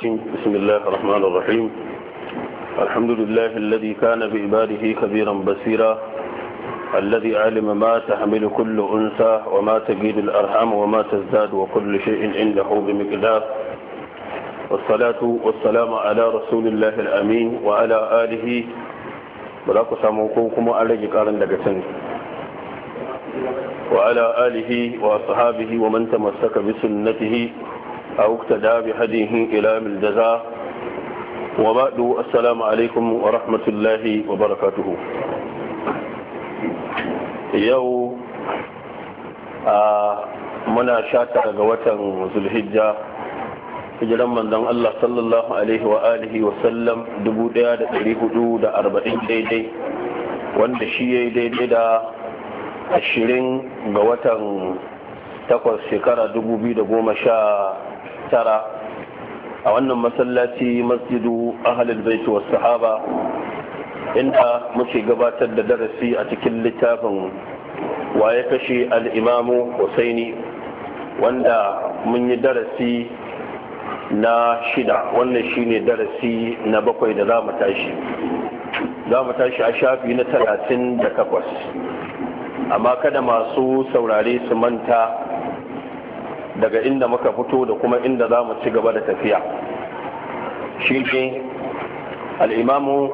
بسم الله الرحمن الرحيم الحمد لله الذي كان بعباده خبيرا بصيرا الذي علم ما تحمل كل أنثى وما تجيد الأرحام وما تزداد وكل شيء عنده بمقدار والصلاة والسلام على رسول الله الأمين وعلى آله بلاك ساموكوكم على جكارا لكسن وعلى آله وأصحابه ومن تمسك بسنته أو اقتدى بهديه إلى من الجزاء وبعد السلام عليكم ورحمة الله وبركاته يو آه muna shata ga watan zulhijja hijiran manzon Allah sallallahu alaihi wa alihi wa sallam 1440 daidai wanda shi yayi daidai da 20 ga watan takwas shekara sha. tara a wannan masallaci masjidu ahalul bait was sahaba inda muke gabatar da darasi a cikin littafin waye kashe al'imamu husaini wanda mun yi darasi na shida wannan shine darasi na bakwai da za mu tashi za mu tashi a shafi na talatin da takwas amma kada masu saurare su manta daga inda muka fito da kuma inda za mu ci gaba da tafiya shi ne al'imamu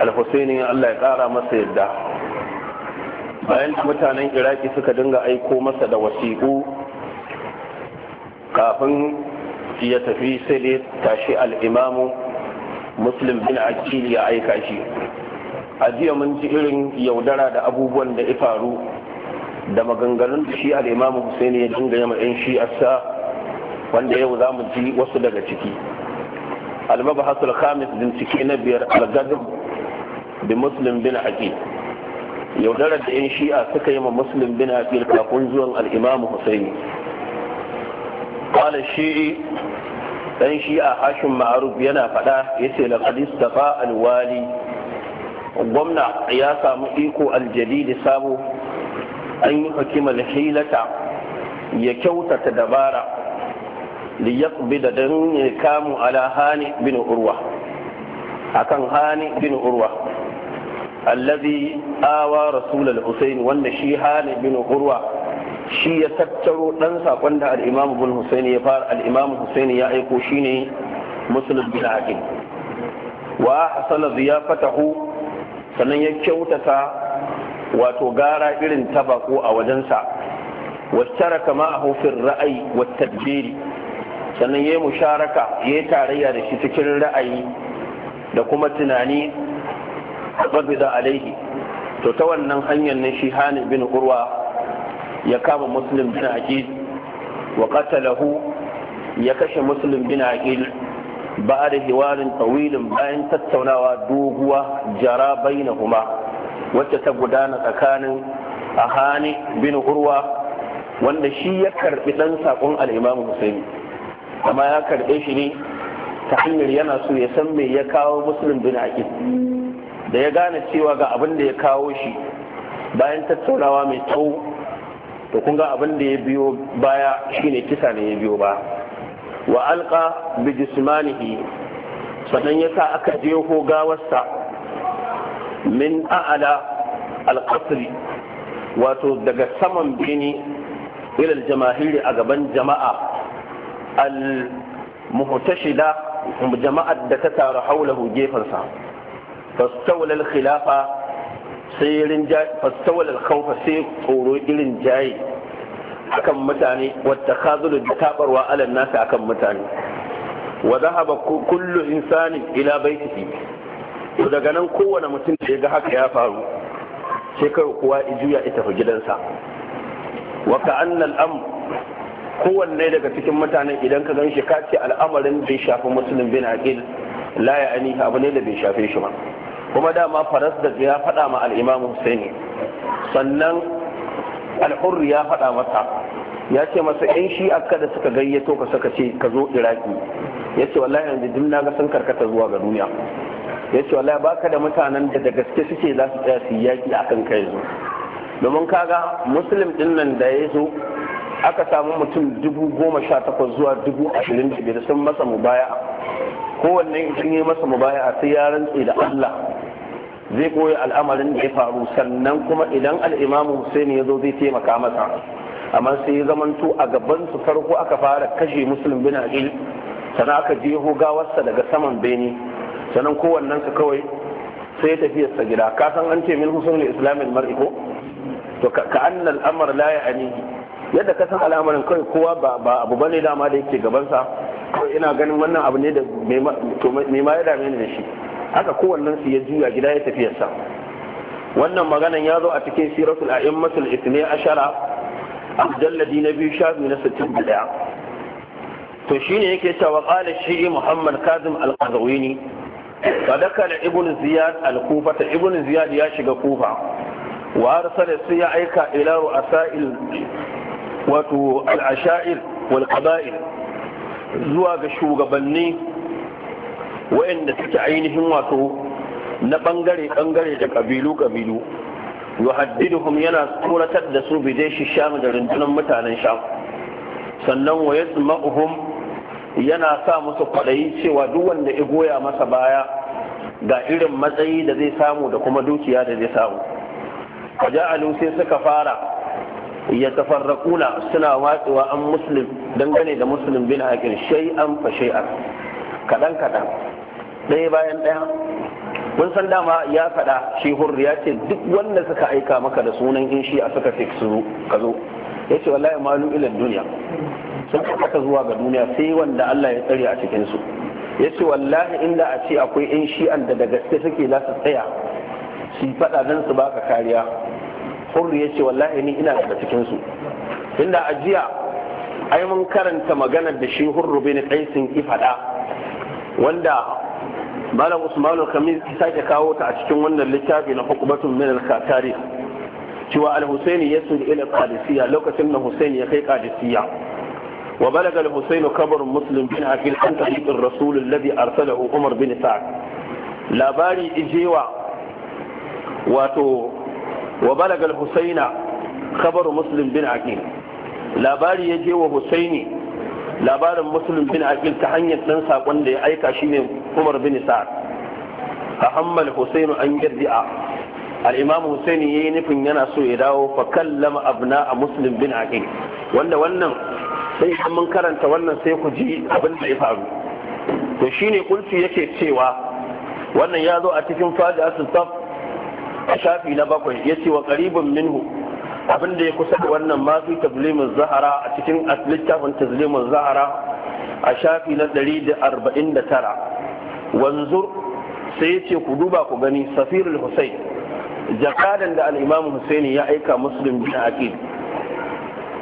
al-husaini allah ya tsara masa yadda bayan mutanen iraki suka dinga aiko masa da wasiƙu kafin ya tafi sai dai tashi al'imamu muslim bin akili ya aika shi a jiya mun ji irin yaudara da abubuwan da ya faru da maganganun da shi al'imam husaini ya dinga yama yan shi asa wanda yau za mu ji wasu daga ciki al kamis khamis ciki na biyar al-gadab bi muslim bin aqil yaudarar da yan shi'a suka yi ma muslim bin aqil kafin zuwan al-imam husaini qala shi'i dan shi'a hashim ma'ruf yana fada yace laqad istafa al-wali gwamna ya samu iko aljadidi sabo an yi hukimar hilata ya kyautata dabara liyaqbi da dan ya kamu ala hani bin urwa akan hani bin urwa allazi awa rasul al-husayn wanda shi hani bin urwa shi ya tattaro dan sakon da al-imam ibn husayn ya fara al-imam husayn ya aiko shine muslim bin hakim wa ahsana ziyafatahu sannan ya kyautata wato gara irin ta ko a wajensa washtara kama a hufin ra'ayi wa tadbiri sannan ya yi musharaka ya yi tarayya da shi cikin ra'ayi da kuma tunani babida alaihi to ta wannan hanyar ne shi hani bin urwa ya kama musulun bin aqil wa qatalahu ya kashe musulun bin aqil ba da hiwarin tawilin bayan tattaunawa doguwa jara kuma. wacce ta gudana tsakanin ahani bin urwa wanda shi ya karbi ɗan sakon al'imamu imamu husaini amma ya karɓe shi ne ta hanyar yana so ya san me ya kawo muslim bin aqil da ya gane cewa ga abin da ya kawo shi bayan tattaunawa mai tsawo to kun ga abin da ya biyo baya shine kisa ne ya biyo ba wa alqa bi jismanihi sannan yasa aka jeho gawarsa min a'ala alƙasri wato daga saman bini ilal jamahiri a gaban jama'a al-muhtashida jama'ar da ta taru haulahu gefensa fastawal al-khilafa sai irin fastawal al-khawfa sai tsoro irin jayi akan mutane wata khazulu da tabarwa alal nasa akan mutane wa dhahaba kullu insanin ila baitihi to daga nan kowane mutum da ya ga haka ya faru sai kai kuwa juya ita fa gidansa wa ka am kowanne daga cikin mutanen idan ka gan shi ka ce al'amarin bai shafi musulun bin aqil la ya ani abu ne da bai shafe shi ba kuma dama faras da ya faɗa ma al'imamu husaini sannan al'urri ya faɗa masa ya ce masa yan shi akka da suka gayyato ka suka ce ka zo iraki ya ce wallahi yanzu duk na ga sun karkata zuwa ga duniya ya ce wallahi baka da mutanen da da gaske suke za su tsaya su yi yaki kan kai zo domin kaga musulun din nan da ya zo aka samu mutum dubu goma sha takwas zuwa dubu ashirin da biyar sun masa mubaya kowanne sun yi masa mubaya sai ya rantse da allah zai koyi al'amarin da ya faru sannan kuma idan al'imamu husaini ya zo zai taimaka masa amma sai ya zamanto a gaban su farko aka fara kashe musulun bin aqil sannan aka jeho gawarsa daga saman bene sannan kowannen su kawai sai tafiyar sa gida ka san an ce min husnul islamin mar'i ko to ka annal amr la ya'ani yadda ka san al'amarin kai kowa ba ba abu bane dama da yake gaban sa ko ina ganin wannan abu ne da me ma ya dame ni da shi haka kowannen su ya juya gida ya tafiyar sa wannan maganan ya zo a cikin siratul a'immatul ithnai ashara mujalladi na biyu shafi na 61 to shine yake cewa qala shi muhammad kazim al-qazawini فدخل ابن زياد الكوفة ابن زياد ياشق كوفة وأرسل السيا أيكا إلى رؤساء wato wal walƙaba'ir zuwa ga shugabanni wa'inda suke ainihin wato na ɓangare-ɓangare da ƙabilu-ƙabilu yuhaddiduhum yana tsoratar da su dai shi sham da rundunar mutanen sham sannan wa yana sa musu kwaɗayi cewa duk wanda ya goya masa baya ga irin matsayi da zai samu da kuma dukiya da zai samu faja'alu sai suka fara ya tafarraquna suna watsewa an muslim dangane da muslim bin haƙin shay'an fa shay'an Kaɗan-kaɗan, ɗaya bayan ɗaya mun san dama ya faɗa shi hurri ya ce duk wanda suka aika maka da sunan inshi shi a suka fi ka zo ya ce wallahi malu ilan duniya sun karkata zuwa ga duniya sai wanda Allah ya tsare a cikin su yace wallahi inda a ce akwai yan shi'an da da gaske suke za su tsaya su fada dan su baka kariya hurru yace wallahi ni ina daga cikin su inda ajiya ai mun karanta maganar da shi hurru bin qaisin ifada wanda malam usmanu kamis ya sake kawo ta a cikin wannan littafi na hukumatun min al-katari cewa al-husaini ya ila qadisiyya lokacin da husaini ya kai qadisiyya وبلغ الحسين خبر مسلم بن عقيل عن طريق الرسول الذي ارسله عمر بن سعد labari ijewa wato wa balaga al-husaina khabaru muslim bin labari ya je wa husaini labarin muslim bin aqil ta hanyar ɗan sakon da ya aika shine umar bin sa'ad ahammal husainu an yardi'a al-imam husaini yayi nufin yana so ya dawo fa abna muslim bin wanda wannan sai idan mun karanta wannan sai ku ji abin da ya faru to shine kultu yake cewa wannan ya zo a cikin faji asustaf a shafi na bakwai ya ce wa karibin minhu abin da ya kusa da wannan masu tazlimin zahara a cikin littafin tazlimin zahara a shafi na 149 wanzur sai ya ce ku duba ku gani safirul husain jakadan da al'imamu husaini ya aika muslim bin aqid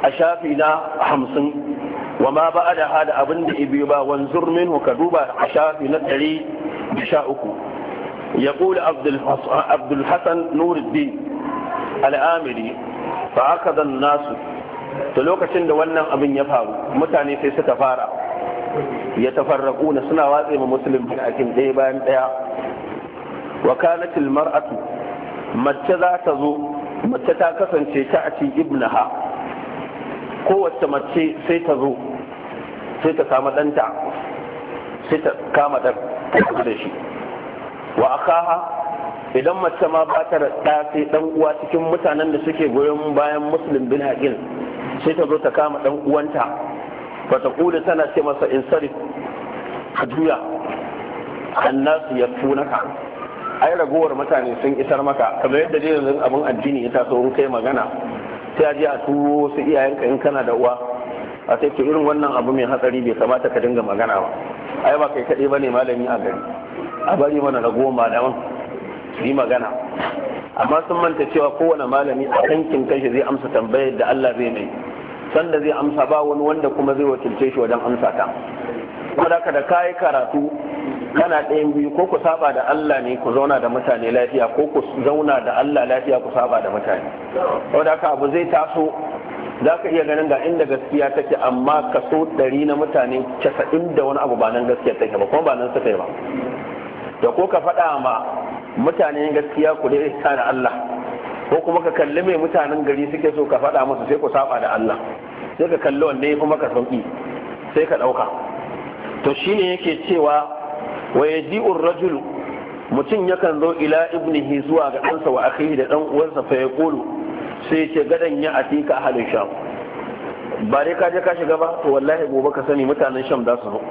a shafi na hamsin wa ma ba da hada abin da ibi ba wanzur minhu ka duba a shafi na ɗari da sha uku ya ƙuli abdulhassan nuruddin al'amiri ba aka zan nasu ta lokacin da wannan abin ya faru mutane sai suka fara ya tafarraku na suna watse ma musulun bin akin ɗaya bayan ɗaya wa mar'atu mace za ta zo mace ta kasance ta a ci ibnaha kowace mace sai ta zo sai ta kama ɗanta sai ta kama ɗan da shi wa akaha idan mace ma ba ta da sai dan uwa cikin mutanen da suke goyon bayan muslim bin haƙil sai ta zo ta kama dan uwanta ba ta kula tana ce masa in sarif ka juya annasu ya tunaka ai ragowar mutane sun isar maka kamar yadda dai yanzu abin addini ya taso in kai magana sai a je a turo su iyayenka in kana da uwa a sai ce irin wannan abu mai hatsari bai kamata ka dinga magana ba ai ba kai kaɗai ba ne malami a gari a bari mana da malaman su yi magana amma sun manta cewa kowane malami a kankin kanshi zai amsa tambayar da Allah zai mai sanda zai amsa ba wani wanda kuma zai wakilce shi wajen amsa ta kuma da ka da kayi karatu kana ɗayan biyu ko ku saba da Allah ne ku zauna da mutane lafiya ko ku zauna da Allah lafiya ku saba da mutane saboda haka abu zai taso za ka iya ganin ga inda gaskiya take amma kaso ɗari na mutane casa'in da wani abu ba nan gaskiya take ba kuma ba nan suka yi ba da ko ka faɗa ma mutane gaskiya ku dai da Allah ko kuma ka kalli mai mutanen gari suke so ka faɗa musu sai ku saba da Allah sai ka kalli wanda ya fi maka sauki sai ka ɗauka to shine yake cewa wa yaji'u ar-rajul mutum yakan zo ila ibnihi zuwa ga ɗansa wa akhihi da ɗan uwansa fa kulu sai ce gadan ya atika ahlul sham ba dai ka je ka shiga ba to wallahi gobe ka sani mutanen sham za su zo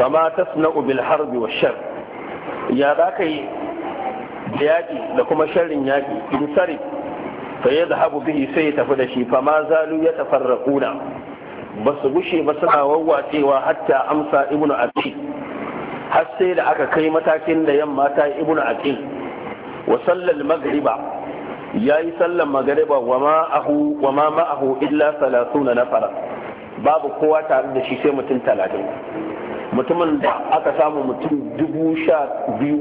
fama tasna'u bil harbi wa shar ya za ka yi da yaƙi da kuma sharrin yaƙi in sari fa ya zahabu bihi sai ya tafi da shi fama zalu ya tafarraquna ba su gushe ba suna wawwacewa hatta amsa ibnu abi har sai da aka kai matakin da yamma ta yi ibnu aqil wa sallal maghriba yayi sallan maghriba wa ma ahu wa ma ahu illa 30 nafara babu kowa tare da shi sai mutum 30 mutumin da aka samu mutum dubu sha biyu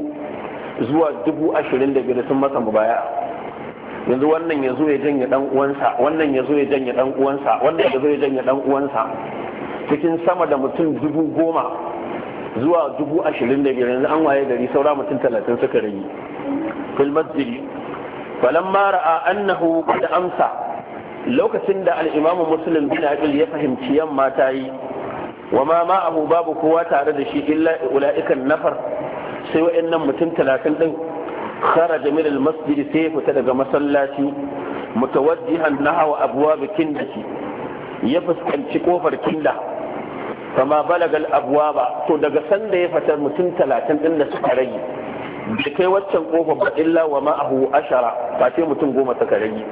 zuwa dubu ashirin da biyar sun masa mubaya yanzu wannan ya zo ya janye dan uwansa wannan ya zo ya janye dan uwansa wannan ya zo ya janye dan uwansa cikin sama da mutum dubu goma zuwa dubu ashirin da biyar yanzu an waye gari saura mutum talatin suka rage fil masjidi mara a annahu da amsa lokacin da al'imamin musulun bin aqil ya fahimci yamma ta yi wa ma babu kowa tare da shi illa ula'ikan nafar sai wa'annan mutum talatin din kara Jamilu Masjidi sai ya fita daga masallaci mutawajjihan nahawa abwab kindati ya fuskanci kofar kinda kama balagal abuwa ba to daga sanda ya fata mutum talatin din da suka rage da kai waccan kofa ba illa wa ma'ahu ashara ba sai mutum goma suka rage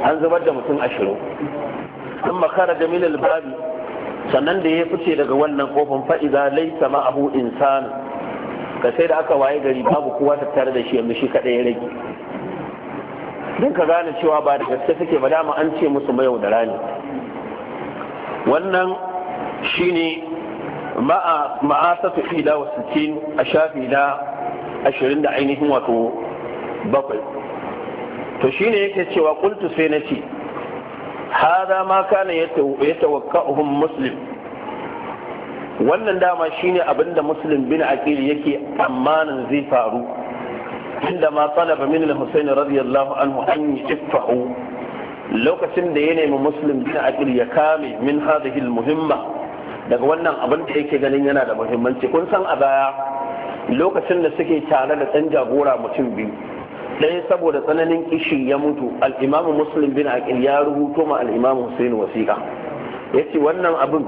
an zubar da mutum ashirin sun makara da milil babi sannan da ya fice daga wannan kofin fa'iza laisa ma'ahu insanu ka sai da aka waye gari babu kowa tattare da shi yanzu shi kaɗai ya rage din ka gane cewa ba da gaske suke ba dama an ce musu mayau da rani wannan shine ma'a ma'asatu ila sittin a shafi na ashirin da ainihin wato bakwai to ne yake cewa qultu sai na ce hada ma kana yatawakka'uhum muslim wannan dama shine abinda muslim bin aqil yake amanan zai faru inda ma talaba min al-husayn radiyallahu anhu an yaftahu lokacin da ya nemi muslim bin aqil ya kame min hadhihi al-muhimma daga wannan abin da yake ganin yana da muhimmanci kun san a baya lokacin da suke tare da ɗan jagora mutum biyu ɗaya saboda tsananin kishi ya mutu al'imamu muslim bin aqil ya rubuto ma al'imamu husain wasiƙa ya ce wannan abin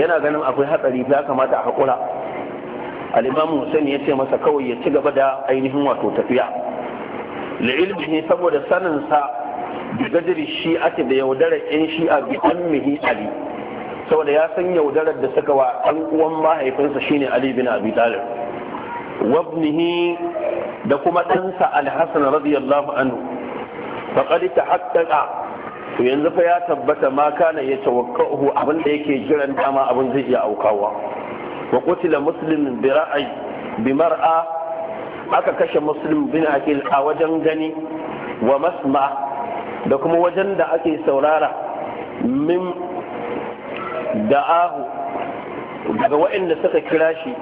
yana ganin akwai hatsari ya kamata a haƙura al'imamu husain ya ce masa kawai ya ci gaba da ainihin wato tafiya ne saboda saninsa bi gajiri ake da yaudarar 'yan shi'a bi mihi ali saboda ya san yaudarar da suka wa ɗan uwan mahaifinsa shine Ali bin Abi Talib wabnihi da kuma ɗansa Al-Hasan radiyallahu anhu faqad tahaqqaqa to yanzu fa ya tabbata ma kana ya tawakka'uhu abin da yake jiran dama abin zai iya aukawa wa qutila muslimin bi ra'ay bi mar'a aka kashe muslim bin akil a wajen gani wa masma da kuma wajen da ake saurara min da'ahu daga waɗanda suka kira shi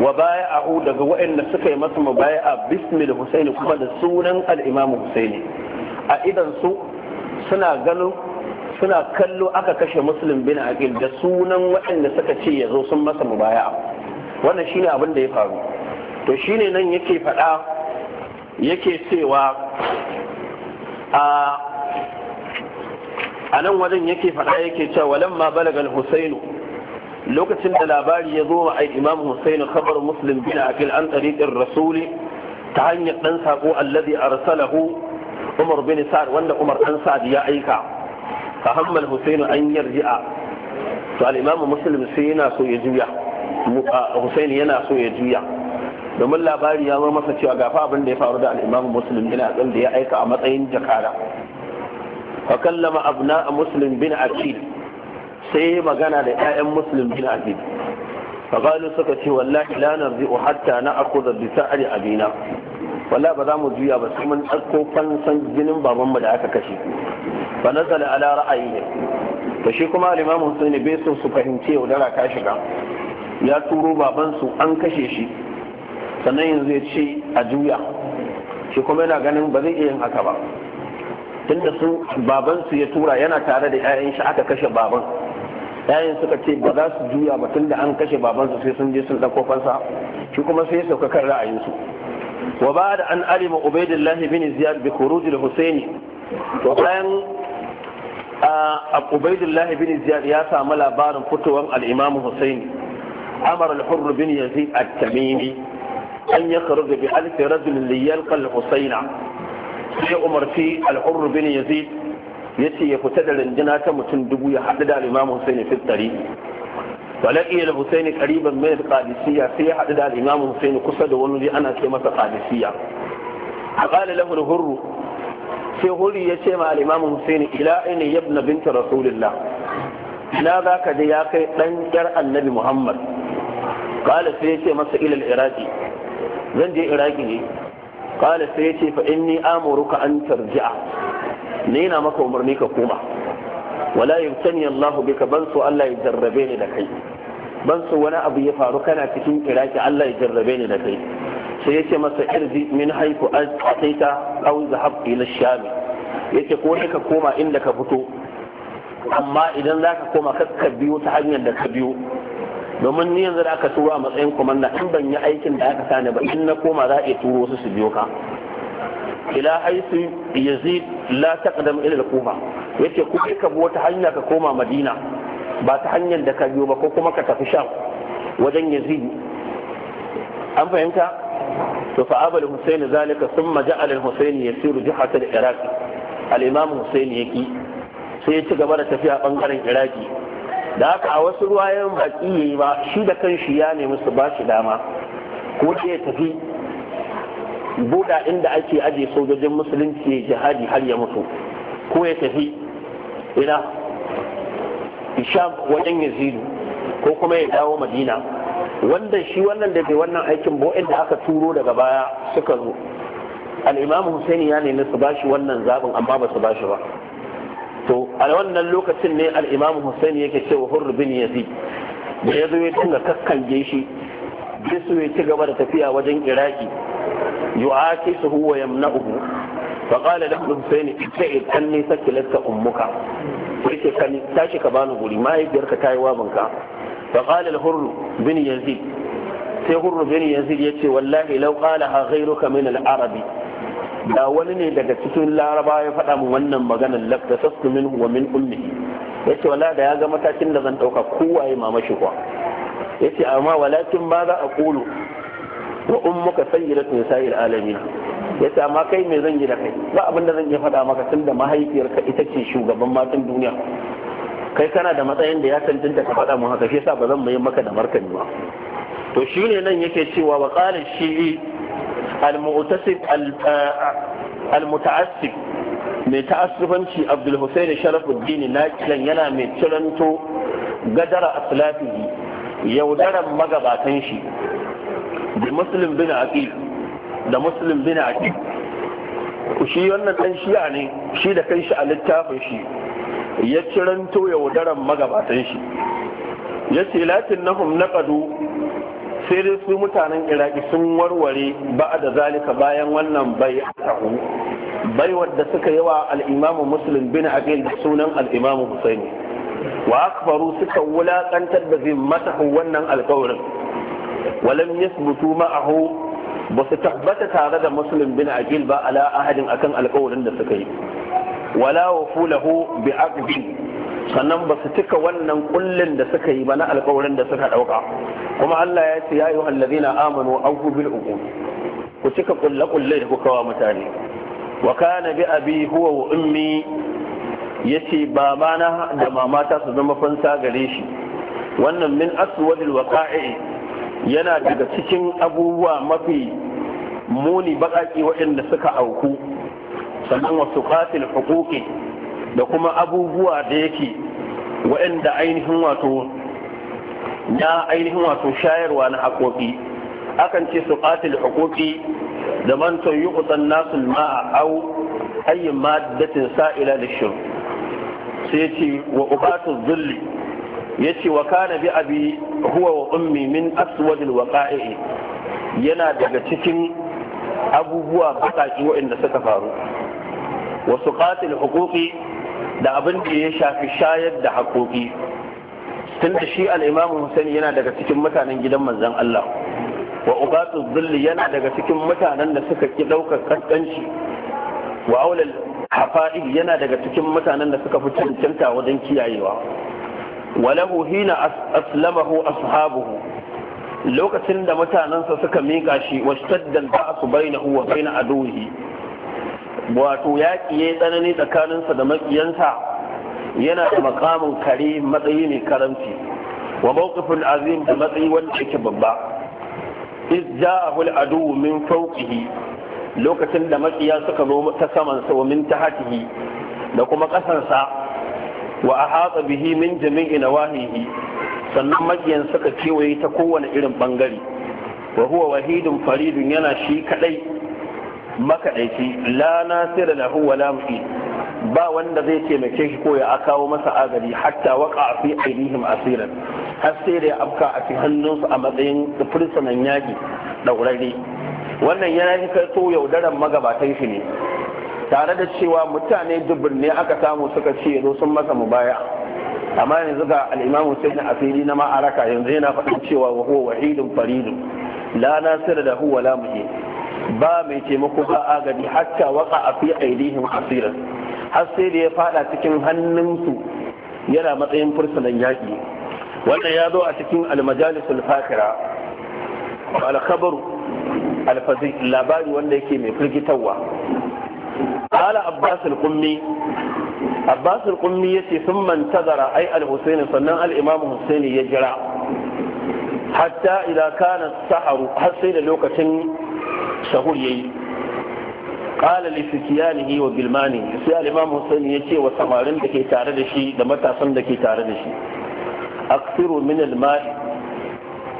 wa baya'ahu daga waɗanda suka yi masa mubaya'a bismil husaini kuma da sunan al-imam husaini a idan su suna ganin suna kallo aka kashe muslim bin aqil da sunan waɗanda suka ce ya zo sun masa mubaya'a wannan shine abin da ya faru to shine nan yake faɗa yake cewa a ah, a nan wajen yake faɗa yake cewa ma balagal husainu lokacin da labari ya zo a imam husainu kabar muslim bin akil an tariqin rasuli ta hanyar dan sako allazi arsalahu umar bin sa'ad wanda umar dan sa'ad ya aika fa hammal husainu an yarji'a to al imam muslim sai yana so ya juya husaini yana so ya juya domin labari ya zo masa cewa gafa abin da ya faru da al imam muslim yana da ya aika a matsayin jakada fakallama abna muslim bin akid sai ya magana da 'ya'yan muslim bin akid fagalu suka ce wallahi la narzi'u hatta na akhudha bi sa'ri abina wallahi ba za mu juya ba sai mun ɗauko fansan jinin babanmu da aka kashe fa nazala ala ra'ayi to shi kuma al-imam Hussein bai so su fahimce yaudara ka shiga ya turo baban su an kashe shi sannan yanzu ya ce a juya shi kuma yana ganin ba zai iya yin haka ba tunda su baban su ya tura yana tare da 'ya'yan shi aka kashe baban 'ya'yan suka ce ba za su juya ba tunda an kashe baban su sai sun je sun dauko fansa shi kuma sai ya sauka kan ra'ayin su wa ba'da an alima ubaidillah bin ziyad bi khuruj al-husaini to bayan a ubaidillah bin ziyad ya samu labarin fitowar al-imam husaini amara al-hurr bin yazid at-tamimi an yakhruj bi alf rajul liyalqa al-husaina sai umarci al'urru bin yazid ya ce ya fita da rinjina ta mutum dubu ya haɗu da al'imamu husaini fi tsari falaƙi da husaini ƙariban mai qadisiyya sai ya haɗu da al'imamu husaini kusa da wani ana ce masa qadisiyya a ƙala lahu hurru sai hurri ya ce ma al'imamu husaini ila aina yabna binta rasulillah ina za ka je ya kai ɗan ƴar annabi muhammad ƙala sai ya ce masa ilal iraki zan je iraki ne qala sai yace fa inni amuruka an tarji'a ni na maka umarni ka koma wala yubtani Allah bika ban so Allah ya jarrabe ni da kai ban so wani abu ya faru kana cikin iraki Allah ya jarrabe ni da kai sai yace masa irzi min haiku ataita aw zahab ila Ya yace ko ka koma inda ka fito amma idan zaka koma kakka biyo ta hanyar da ka biyo domin ni yanzu da aka turo a matsayin komanda in ban yi aikin da aka sani ba in na koma za a iya turo su su biyo ka ila haisu yazid la taqdam ila al-kufa yace ku ka bi wata hanya ka koma madina ba ta hanyar da ka biyo ba ko kuma ka tafi sham wajen yazid an fahimta to fa abul husayn zalika thumma ja'ala al-husayn yasiru jihat al-iraq al-imam husayn ki sai ya ci gaba da tafiya bangaren iraki da haka a wasu ruwayen baki yi ba shi da shi ya nemi su ba shi dama ko da ya tafi buɗa inda ake aje sojojin musulunci jihadi har ya mutu ko ya tafi ina isham wajen yazidu ko kuma ya dawo madina wanda shi wannan da bai wannan aikin bo da aka turo daga baya suka zo al'imamu husaini ya nemi su ba shi wannan zaɓin amma ba su ba shi ba to a wannan lokacin ne al-imam Hussein yake cewa hurru bin Yazid da ya zo ya tunga kakkan shi bisu ya ci gaba da tafiya wajen Iraki yu'akisuhu wa yamna'uhu fa qala lahu Hussein ibta'id anni sakilatka ummuka yace kan tashi ka bani guri mahaifiyarka ta yi wabanka fa qala al bin Yazid sai hurru bin Yazid ce wallahi law qalaha ghayruka min al-arabi da wani ne daga cikin laraba ya faɗa min wannan maganar lafta sassu min wa min ummi ya ce wala da ya ga matakin da zan ɗauka kowaye mama shi kuwa ya ce amma walakin ba za a ƙulu wa ummuka sayyidat nisa'il alamin ya ce amma kai me zan yi da kai ba abin da zan iya faɗa maka tun da mahaifiyarka ita ce shugaban matan duniya kai kana da matsayin da ya cancanta ka faɗa mu haka shi yasa ba zan mai maka da martani ba to shi ne nan yake cewa wa qala shi'i al-mu'tasib al-muta'assib mai ta'assufanci Abdul Hussein Sharafuddin Nakilan yana mai tiranto gadara aslafihi yaudaran magabatan shi da Muslim bin Aqil da Muslim bin Aqil shi wannan dan shi'a ne shi da kai shi a littafin shi ya tiranto yaudaran magabatan shi ya ce latin nahum naqadu sai dai su mutanen iraki sun warware ba da zalika bayan wannan bai tahu bai wadda suka wa al'imamu muslim bin aqil da sunan al'imamu husaini wa akbaru suka wulakantar da zimmatahu wannan alkawarin walam yasbutu ma'ahu ba su tabbata tare da muslim bin aqil ba ala ahadin akan alkawarin da suka yi wala wa fulahu bi aqdi sannan ba su cika wannan kullin da suka yi ba na alkawarin da suka dauka kuma Allah ya ce ya yi wallazina amanu auku bil ku cika kulle kulle da kuka wa mutane wa kana bi abi huwa wa ummi yace babana da mamata su zama fansa gare shi wannan min aswadil waqa'i yana daga cikin abubuwa mafi muni baƙaƙi waɗanda suka auku sannan wasu qatil huquqi da kuma abubuwa da yake waɗanda ainihin wato na ainihin wato shayarwa na haƙoƙi akan ce su ƙatil haƙoƙi da man to yi kusan nasu ma'a au ayyin maddatin sa'ila da shir sai ce wa ubatu zulli ya ce wa kana bi abi huwa wa ummi min aswadil waqa'i yana daga cikin abubuwa baƙaƙi waɗanda suka faru wasu ƙatil haƙoƙi da abin da ya shafi shayar da haƙoƙi tun da shi al'imamu Hussein yana daga cikin mutanen gidan manzon Allah wa ubatu zulli yana daga cikin mutanen da suka ki ɗaukar kaskanci wa aulal hafa'i yana daga cikin mutanen da suka fi cancanta wajen kiyayewa walahu hina aslamahu ashabuhu lokacin da mutanensa suka miƙa shi washtaddan ba'su bainahu wa na aduhi wato yaƙi ya tsanani tsakaninsa da maƙiyansa yana da makamin kare matsayi mai karamci wa mawqifin azim da matsayi wanda yake babba iz ja'ahu al-adu min fawqihi lokacin da maƙiya suka zo ta saman sa min tahtihi da kuma ƙasansa wa ahata bihi min jami'i nawahihi sannan maƙiyan suka kewaye ta kowane irin bangare wa huwa wahidun faridun yana shi kadai makaɗaici la nasira lahu wa la mu'in ba wanda zai taimake shi ko ya akawo masa agari hatta waka fi ainihin asiran har sai da ya afka a cikin hannunsu a matsayin fursunan yaki ɗaurare wannan yana yi karto yaudaran magabatan shi ne tare da cewa mutane ne aka samu suka ce yazo sun masa mubaya amma yanzu ga al'imamu sai na asiri na ma'araka yanzu yana faɗin cewa wa huwa wahidun faridun la nasira da huwa la mu'in ba mai taimako ba a hatta waka a fi ailihin hasiran har sai da ya faɗa cikin hannunsu yana matsayin fursunan yaƙi wannan ya zo a cikin almajalisul fakira alkhabar alfazi labari wanda yake mai firgitarwa qala abbasul qummi abbasul qummi yace sun mantazara ai al-husaini sannan al-imam husaini ya jira hatta idan kana sahar har sai da lokacin sahur yayi qala li fityanihi wa bilmani sai al-imam Hussein ya ce wa samarin da ke tare da shi da matasan da ke tare da shi aksiru min al-ma'i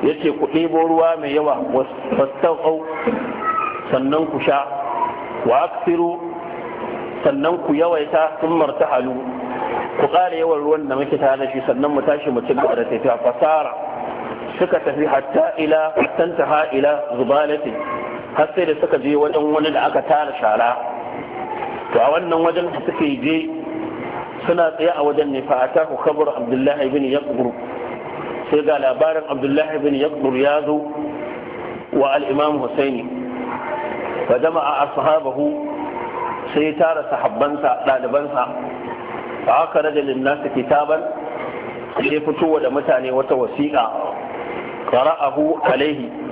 yace ku ɗebo ruwa mai yawa wastaqau sannan ku sha wa aksiru sannan ku yawaita sun martahalu ku kare yawan ruwan da muke tare da shi sannan mu tashi mu ci da tafiya fasara suka tafi hatta ila tantaha ila zubalati har sai da suka je wajen wani da aka tara shara to a wannan wajen da suke je suna tsaye a wajen ne fa'ata ku kabar abdullahi bin yaqbur sai ga labarin abdullahi bin yaqbur ya zo wa al-imam husaini wa jama'a ashabahu sai tara sahabbansa ɗalibansa fa aka rage linnasa kitaban sai fitowa da mutane wata wasiƙa qara'ahu alaihi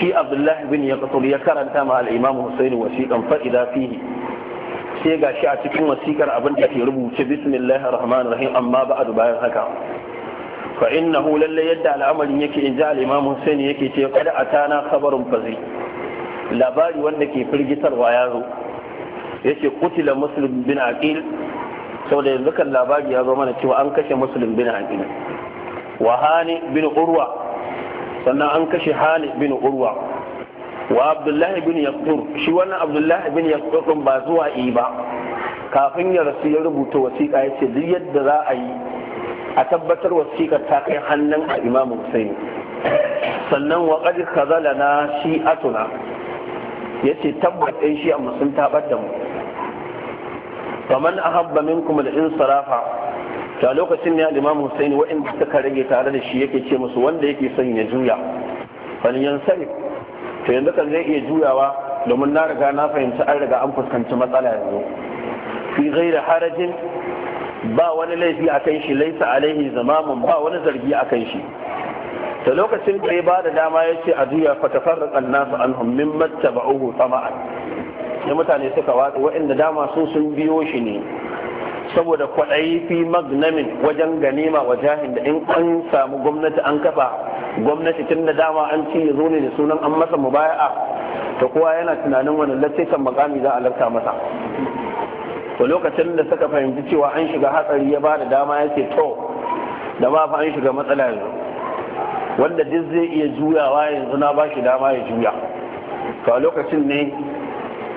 shi abdullahi bin ya ya karanta ma al'imamu husaini wasiƙan fa'ida fihi sai ga shi a cikin wasiƙar abin da ke rubuce bismillahir rahmanir rahim amma ba'du bayan haka fa hu lalle yadda al'amarin yake in ji al'imamu husaini yake ce kada tana khabarun fazi labari wanda ke firgitarwa ya zo yace kutila muslim bin aqil saboda yanzu kan labari ya zo mana cewa an kashe muslim bin aqil wa bin urwa sannan an kashe hali bin urwa wa abdullahi bin yaqtur shi wannan abdullahi bin ɗin ba zuwa yi ba kafin ya rasu ya rubuta wasiƙa ya ce duk yadda za a yi a tabbatar wasiƙar ta kai hannun a imam Hussein sannan wa na khazalana shi'atuna yace tabbat ɗin shi'a mu sun tabar da mu faman ahabba minkum al-insarafa ta lokacin ne al-imam Hussein wa'inda suka rage tare da shi yake ce musu wanda yake son ya juya Fani yan yansarif to yanzu kan zai iya juyawa domin na riga na fahimci an riga an fuskanci matsala yanzu fi da harajin ba wani laifi a kan shi laisa alaihi zamamun ba wani zargi a kan shi ta lokacin da ya ba da dama ya ce a juya fatafarraƙan nasu an hummin matta da mutane suka watsa waɗanda dama su sun biyo shi ne saboda kwaɗayi fi magnamin wajen ganima wa jahin da in an samu gwamnati an kafa gwamnati tun da dama an ci ya zo ne da sunan an masa mubaya'a ta kowa yana tunanin wani lattisan makami za a larta masa to lokacin da suka fahimci cewa an shiga hatsari ya ba da dama ya ce to da ma fa an shiga matsala yanzu wanda duk zai iya juyawa yanzu na ba shi dama ya juya to a lokacin ne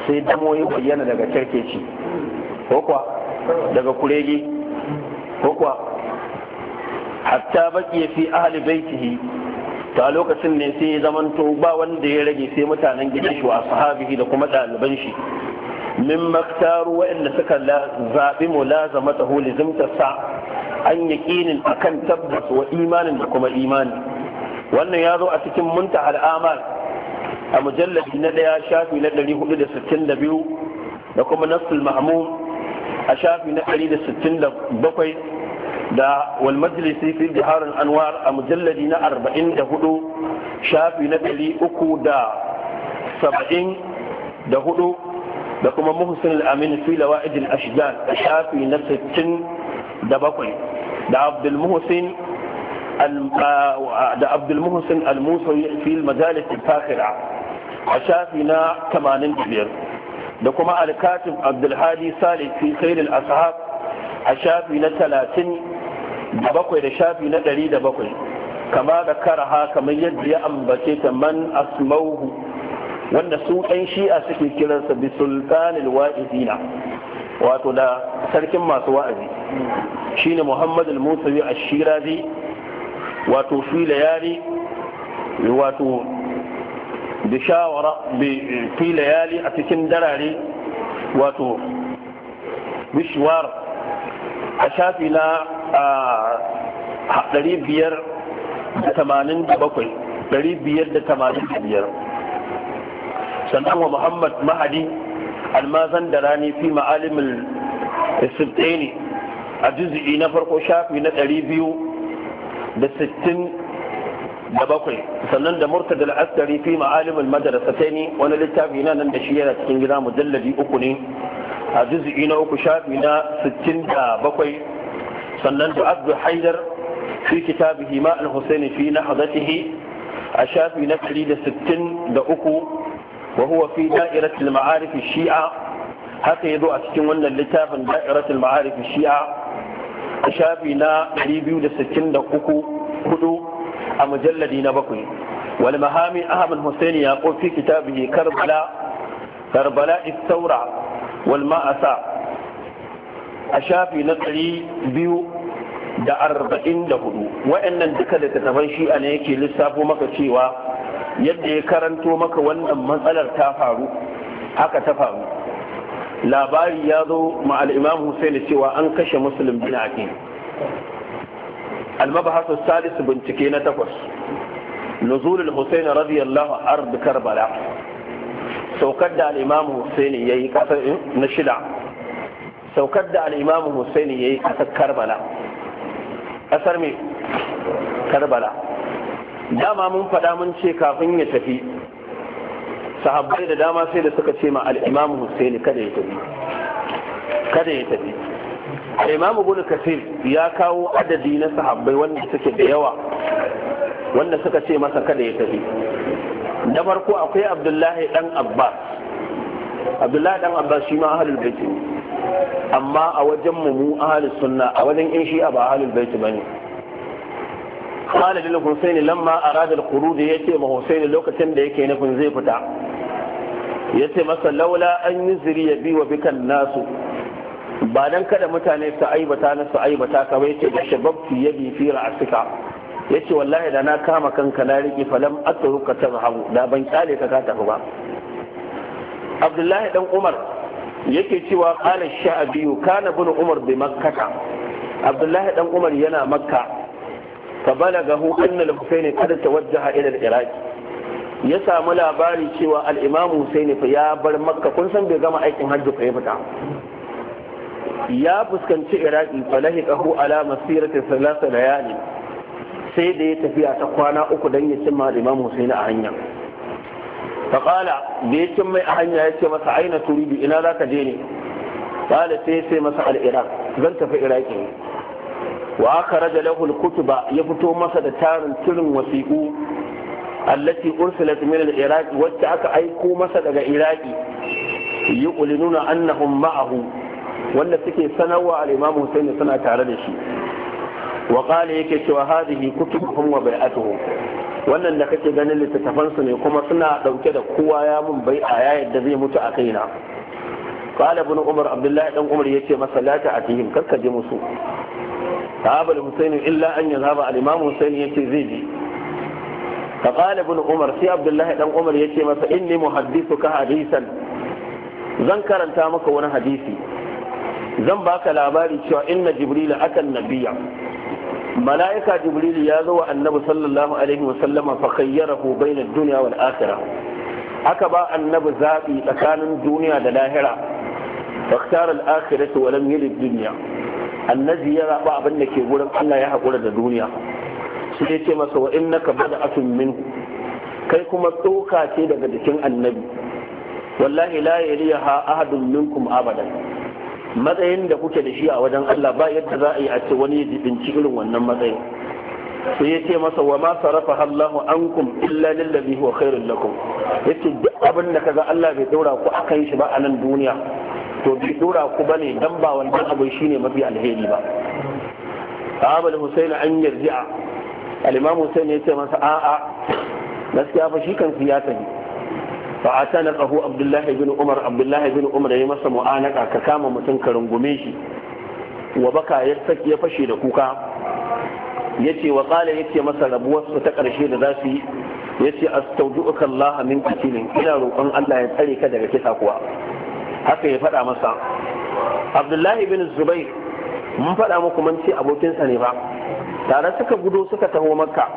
sai damo ya bayyana daga kirkeci ko kuwa daga kurege ko kuwa hatta baki fi ahli baitihi ta lokacin ne sai ya zamanto ba wanda ya rage sai mutanen gidan shi wa sahabihi da kuma ɗaliban shi min maktaru waɗanda suka zaɓi mu lazama ta huli sa an a kan tabbas wa imanin da kuma imani wannan ya zo a cikin munta al'amal a mujallabi na ɗaya shafi na 462 da kuma nassul mahmud a shafi na 167 da wal fi biharin anwar a mujalladi na 44 shafi na 374 da kuma muhsin al fi lawaid al a shafi na 67 da abdul muhsin da abdul muhsin al ah, Musa fi al-majalis a shafi na 85 da kuma alkatin abdulhadi salih fi khairul ashab a shafi na talatin da bakwai da shafi na ɗari da bakwai kama da karaha kamar yadda ya ambace ta man asmauhu wanda su ɗan shi'a suke kiransa bi sultanil wa'izina wato da sarkin masu wa'azi shine muhammad al-musawi ash-shirazi wato fi layali wato da shawara fi layali a cikin darare wato bishwar a shafi na ɗari biyar da tamanin da bakwai ɗari biyar da tamanin da biyar sannan wa muhammad mahadi almazan da rani fi ma'alimin sibtani a juzi'i na farko shafi na ɗari biyu da sittin da bakwai sannan da murtada al'askari fi ma'alimin madarasa ne wani littafi na nan da shi yana cikin gida mujalladi uku ne a juzi'i na uku shafi na sittin da bakwai sannan da abdu haidar fi kitabihi ma al-husaini fi nahadatihi a shafi na ɗari da sittin da uku wa huwa fi da'iratul ma'arif shi'a haka yazo a cikin wannan littafin da'iratul ma'arif shi'a a shafi na 263 hudu a mujalladi na bakwai wal mahami ahmad Hussein ya fi kitabihi karbala karbala istaura wal ma'asa a shafi na ɗari biyu da arba'in da hudu wa'annan duka littattafan shi'a ne yake lissafo maka cewa yadda ya karanto maka wannan matsalar ta faru haka ta faru labari ya zo ma al'imam Hussein cewa an kashe musulun bin aqil المبحث السادس بنتكينا تقص نزول الحسين رضي الله عرض كربلاء سوكر دا الإمام حسين يي نشلع سوكر دا الإمام حسين يي قصر كربلاء أسر مي كربلاء dama mun faɗa mun ce kafin ya tafi sahabbai da dama sai da suka ce ma al'imamu Hussein kada ya tafi kada ya tafi imamu bin kasir ya kawo adadi na sahabbai wanda suke da yawa wanda suka ce masa kada ya tafi da farko akwai abdullahi dan abbas abdullahi dan abbas shi ma ahlul bait amma a wajen mu ahlus sunna a wajen in shi ba ahlul bait bane Khalid al a lamma arada al-khuruj yace ma husaini lokacin da yake nufin zai fita yace masa laula an yuzri bi wa bikan nasu ba dan kada mutane su aibata na su aibata ka bai ce da shababtu yadi fi ra'sika yace wallahi da na kama kanka na riki falam atruka tazhabu da ban kyale ka ka tafi ba Abdullahi dan Umar yake cewa qala sha'abi kana bin Umar bi makkah Abdullahi dan Umar yana makka fa balagahu anna al-Husayn qad tawajjaha ila al-Iraq ya samu labari cewa al-Imam Husayn fa ya bar makka kun san bai gama aikin hajji ko ya fita ya fuskanci iraki falahi kahu ala masirati salasa layali sai da ya tafiya ta kwana uku dan ya cimma imam husaini a hanya faƙala da ya cin mai a hanya ya ce masa aina turidu ina za ka je ne kala sai sai masa al'iraq zan tafi iraki ne wa aka raja lahul kutuba ya fito masa da tarin tirin wasiƙu allati ursilat min al-iraq wacce aka aiko masa daga iraki yuqlinuna annahum ma'ahu wanda suke sanarwa al-imam Hussein suna tare da shi wa qala yake cewa hadhihi kutubuhum wa bai'atuhum wannan da kake ganin littattafan su ne kuma suna dauke da kowa ya mun bai'a ya yadda zai mutu a kaina qala ibn umar abdullahi dan umar yace masa la ta'atihim karka je musu sahaba al-husayn illa an yazhaba al-imam husayn yace zai je fa qala ibn umar sai abdullahi dan umar yace masa inni muhaddithuka hadisan zan karanta maka wani hadisi zan baka labari cewa inna jibril akan nabiyya mala'ika jibril ya zo wa annabi sallallahu alaihi wa sallama fa khayyarahu bayna ad-dunya wal akhirah aka ba annabi zabi tsakanin duniya da lahira fa ikhtara al-akhirah wa lam yalid dunya annabi ya raba abin da ke gurin Allah ya hakura da duniya sai ya ce masa wa innaka bada'atun minhu kai kuma tsoka ce daga jikin annabi wallahi la yariha ahadun minkum abadan matsayin da kuke da shi a wajen Allah ba yadda za a yi a ce wani jibinci irin wannan matsayin sai ya ce masa wa ma sarafa Allahu ankum illa lillazi huwa khairul lakum yace duk abin da ka kaga Allah bai daura ku akan shi ba a nan duniya to bai daura ku bane dan ba wannan abu shine mafi alheri ba Abul Husayn an yarji'a al-Imam Husayn ce masa a'a gaskiya fa shi kan siyasa ne fa atalaqahu abdullahi bin umar abdullahi bin umar ya masa mu'anaka ka kama mutum ka rungume shi wa baka ya saki ya fashe da kuka yace wa qala yace masa rabuwar su ta karshe da za su yi yace astaudu'uka Allah min qatilin ina roƙon Allah ya tsare ka daga kisa kuwa haka ya faɗa masa Abdullahi bin Zubair mun faɗa muku man ce abokinsa ne ba tare suka gudo suka taho Makka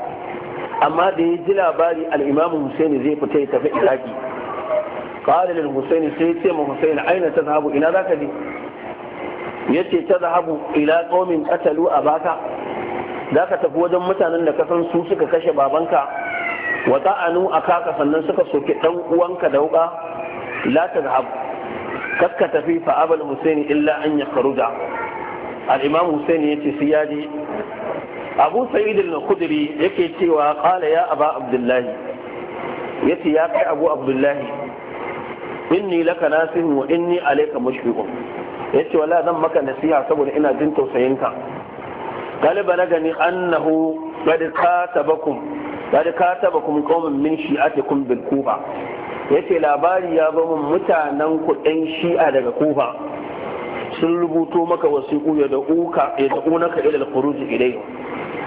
amma da ya ji labari Al'imamu Hussaini zai fita ya tafi Iraki qala lil husaini sai ce ma husaini aina tadhhabu ina zaka je yace tadhhabu ila qaumin qatalu abaka zaka tafi wajen mutanen da ka san su suka kashe babanka wa ta'anu akaka sannan suka soke dan uwanka da wuka la tadhhab kakka tafi fa abal husaini illa an yakhruja al-imam husaini yace sai ya je yake cewa qala ya abdullahi yace ya kai abu abdullahi inni laka nasihun wa inni alayka mushfiqun yace wala zan maka nasiha saboda ina jin tausayin ka galiba na gani annahu qad katabakum qad katabakum qawmin min shi'atikum bil kufa yace labari ya ba mun mutanen ku dan shi'a daga kufa sun rubuto maka wasiqu ya uka ya unaka ila al-khuruj ilayhi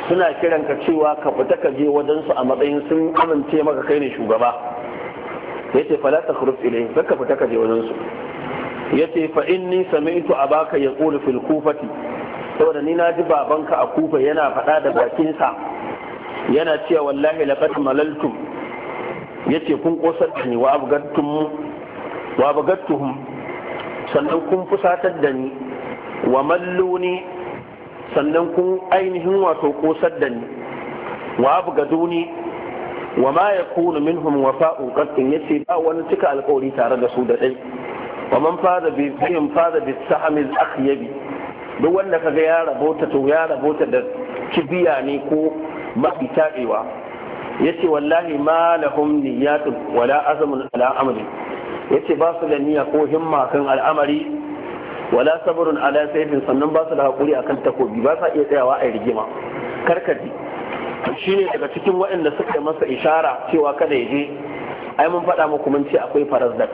suna kiranka cewa ka fita ka je wajen su a matsayin sun amince maka kai ne shugaba yace fala takhruf ilayhi baka fita ka je wajen su yace fa inni sami'tu abaka yaqulu fil kufati saboda ni na ji babanka a kufa yana faɗa da bakinsa yana cewa wallahi laqad malaltum yace kun kosar da ni wa abgattum wa abgattuhum sannan kun fusatar da ni wa malluni sannan kun ainihin wato kosar da ni wa abgaduni wa ma yakunu minhum ƙarfin ya yace ba wani cika alƙawari tare da su da dai wa man fada bi fihim fada bi sahmi al duk wanda kaga ya rabota to ya rabota da kibiya ne ko mafi tabewa yace wallahi ma lahum niyyatun wala azmun ala amri ce ba su da niyya ko himma kan al'amari wala sabrun ala sayfin sannan ba su da hakuri akan takobi ba sa iya tsayawa a rigima karkati shi ne daga cikin waɗanda suka masa ishara cewa kada ya je ai mun faɗa muku mun ce akwai farazdak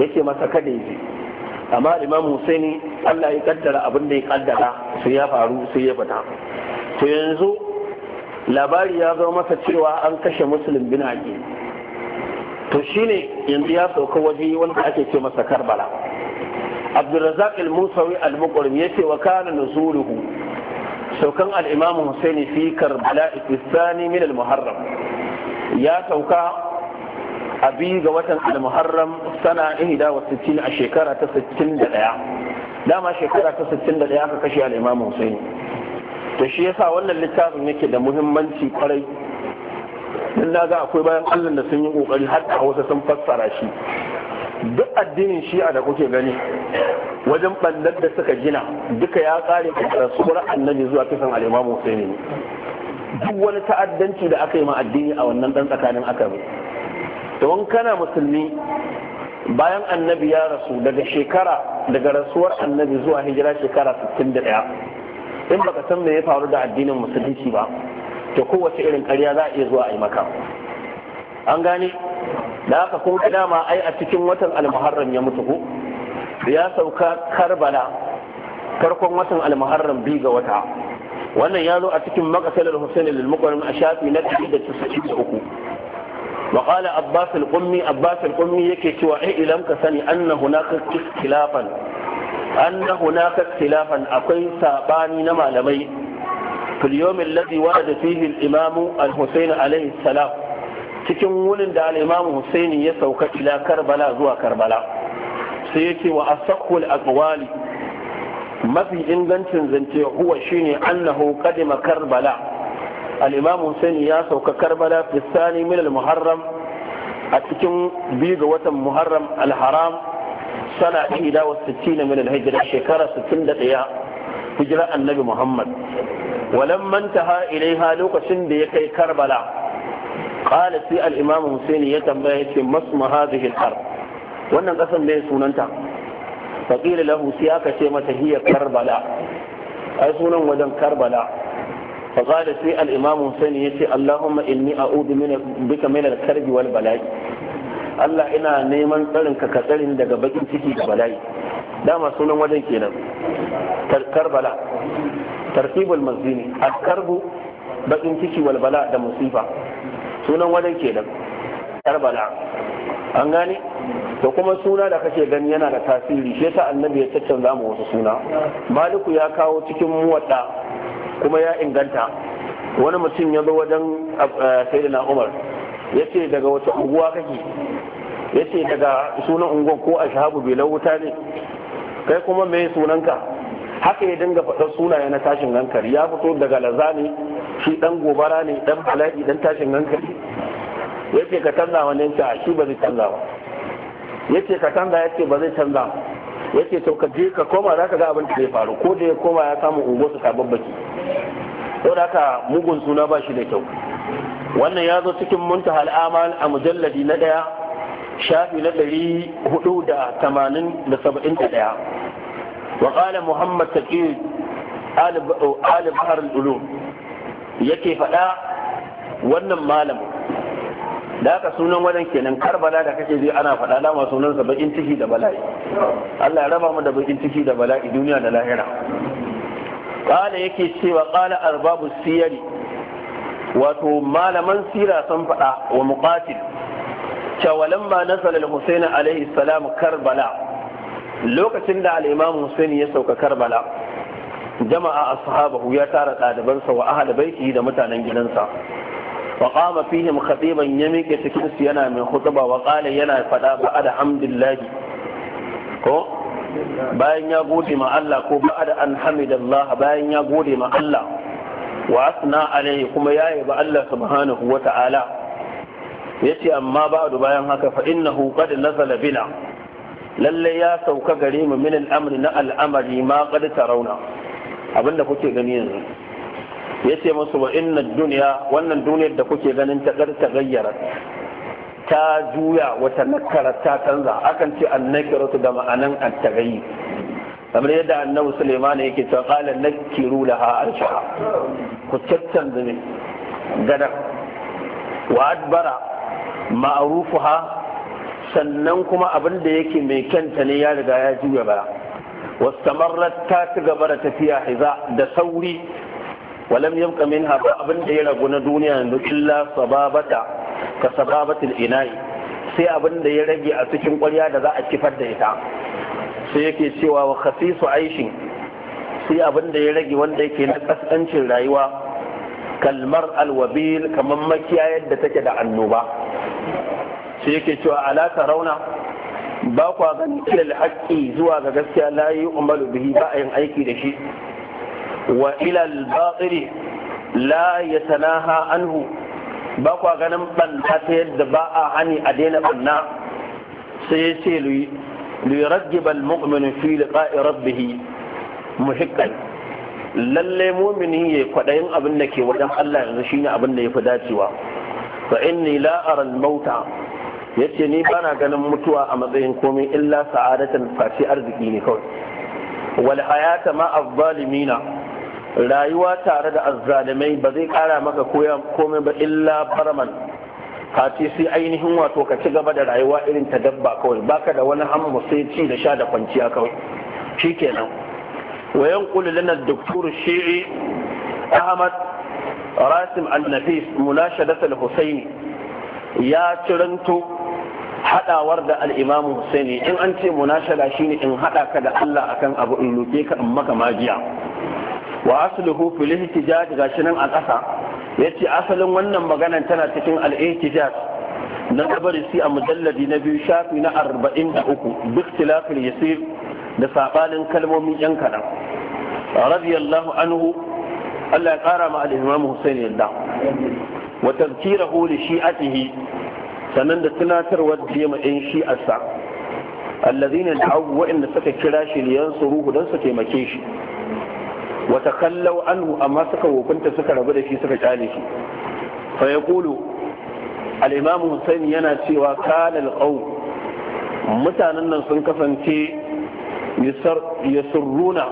yake masa kada ya je amma imam husaini allah ya kaddara abin da ya kaddara su ya faru sai ya fita to yanzu labari ya zo masa cewa an kashe musulun bin haƙi to shine yanzu ya sauka waje wanda ake ce masa karbala abdulrazak al-musawi al-muqrim yace wa kana nuzuluhu saukan al'imamu husaini fi karbala isani min al-muharram ya sauka a biyu ga watan al-muharram sana ihida wa sittin a shekara ta sittin da ɗaya dama shekara ta sittin da ɗaya aka kashe alimam husaini to shi yasa wannan littafin yake da muhimmanci kwarai dan na ga akwai bayan allah da sun yi kokari har a wasu sun fassara shi duk addinin shi'a da kuke gani wajen ɓallar da suka gina duka ya ƙare a rasuwar annabi zuwa kisan alimam husaini duk wani ta'addanci da aka yi ma addini a wannan ɗan tsakanin aka bi don kana musulmi bayan annabi ya rasu daga shekara daga rasuwar annabi zuwa hijira shekara 61 in baka san me ya faru da addinin musulunci ba to kowace irin karya za a iya zuwa a yi maka an gane da aka kun dama ai a cikin watan almuharram ya mutu ko ya sauka karbala farkon watan almuharram bi ga wata wannan ya zo a cikin maqasalar husain al-muqarram a shafi na 193 وقال عباس القمي عباس القمي يكي سوى إلم كسني أن هناك اختلافا أن هناك اختلافا أقي ساباني نما لمي في اليوم الذي ولد فيه الإمام الحسين عليه السلام cikin wurin da al'imamu husaini ya sauka ila karbala zuwa karbala sai yake wa asakul aqwali mafi ingancin zance huwa shine annahu qadima karbala al'imamu husaini ya sauka karbala fi sani min al-muharram a cikin biyu ga watan muharram al-haram sana 61 min al-hijra shekara 61 hijira annabi muhammad walan mantaha ilaiha lokacin da ya kai karbala qala sai al-imam husaini ya tambaya yace masmu hadhihi al-ard wannan kasan me sunanta fa qila lahu sai aka ce mata hiya karbala ai sunan wajen karbala fa qala sai al-imam husaini yace allahumma inni a'udhu bika min al-karbi wal bala'i Allah ina neman tsarin ka tsarin daga bakin ciki da bala'i dama sunan wajen kenan karbala tartibul mazini al-karbu bakin ciki wal bala da musifa sunan wajen kenan karbala an gane da kuma suna da kake gani yana da tasiri shi ta annabi ya za mu wasu suna maliku ya kawo cikin muwadda kuma ya inganta wani mutum ya zo wajen eh, sayyidina umar ya ce daga wata unguwa kake ya ce daga sunan unguwan ko a shahabu bai wuta ne kai kuma me sunanka haka ya dinga faɗar sunaye na tashin hankali ya fito daga laza ne shi dan gobara ne dan bala'i dan tashin hankali yace ka canza wani ta shi ba zai canza ba yace ka canza yace ba zai canza yace to ka je ka koma zaka ga abin da zai faru ko da ya koma ya samu ungo su sababbaki saboda haka mugun suna ba shi da kyau wannan ya zo cikin munta al'amal a mujalladi na ɗaya shafi na ɗari hudu da tamanin da saba'in da ɗaya وقال محمد تقي آل بحر العلوم yake faɗa wannan malam da aka sunan wajen kenan kar Bala da kake zai ana faɗa dama sunansa bakin ciki da bala'i Allah ya raba mu da bakin ciki da bala'i duniya da lahira qala yake cewa qala arbabu siyari wato malaman sira sun faɗa wa muqatil cewa lamma nasala al-husayn alayhi salam karbala lokacin da al'imamu husaini ya sauka karbala jama'a ashabahu ya tara ɗalibansa wa ahal baiti da mutanen gidansa wa qama fihim khatiban ya miƙe cikin su yana mai hutuba wa qala yana faɗa ba da ko bayan ya gode ma Allah ko ba da bayan ya gode ma Allah wa asna alaihi kuma ya yaba Allah subhanahu wa ta'ala yace amma ba'du bayan haka fa innahu qad nazala bina lalle ya sauka gare mu min al'amri na al'amari ma qad tarawna abinda kuke gani yanzu yace musu wa inna dunya wannan duniyar da kuke ganin ta kar ta gayyara ta juya wata nakara ta canza akan ce annakiratu da ma'anan at-tagayyi kamar yadda annabi suleiman yake cewa qala nakiru laha arsha ku tattanzume gada wa adbara ma'rufuha sannan kuma abin da yake mai kyanta ne ya riga ya juya baya wastamarrat ta ci da tafiya hiza da sauri walam yamka minha ba abin da ya ragu na duniya yanzu illa sababata ka sababatil ina'i sai abin da ya rage a cikin ƙwarya da za a kifar da ita sai yake cewa wa khasisu aishin sai abin da ya rage wanda yake na kasancin rayuwa kalmar alwabil kamar makiyayar da take da annoba sai yake cewa alaka rauna ba kwa gani ilal haƙƙi zuwa ga gaskiya la yi umaru bihi ba aiki da shi wa ilal batsiri la ya anhu ba kwa ganin ban ta yadda ba a hani a daina ɓanna sai lui ce liyarajibal mu'minu fi liqa'i rabbih muhiqqan lalle mumini ya kwaɗayin abin da ke wajen Allah yanzu shine abin da ya fi dacewa fa inni la mauta ya ce ni bana ganin mutuwa a matsayin komai illa sa'adatan face arziki ne kawai wal hayata ma azzalimina rayuwa tare da azzalimai ba zai kara maka koya komai ba illa barman face sai ainihin wato ka ci gaba da rayuwa irin ta dabba kawai baka da wani hammu sai ci da sha da kwanciya kawai shikenan wa yanqulu lana ad-doktor shi'i ahmad rasim al-nafis munashadatu al-husaini ya ciranto hadawar da al-Imam in an ce munashara shine in hada ka da Allah akan abu in roke ka in maka magiya wa asluhu fil ihtijaj gashi nan a ƙasa yace asalin wannan maganan tana cikin al-ihtijaj na tabarisi a mujalladi na biyu shafi na uku duk ikhtilafil yasir da sabanin kalmomin yan kadan radiyallahu anhu Allah ya kara ma Alimami imam Husaini yadda wa tazkirahu li shi'atihi sannan da tunatarwar da ya ma'in shi a sa da abubuwan da suka kira shi liyan su ruhu don su taimake shi wata kallau anhu amma suka wofinta suka rabu da shi suka kyale shi fa ya kulu al'imamu hussein yana cewa kanal ƙau mutanen nan sun kasance surruna,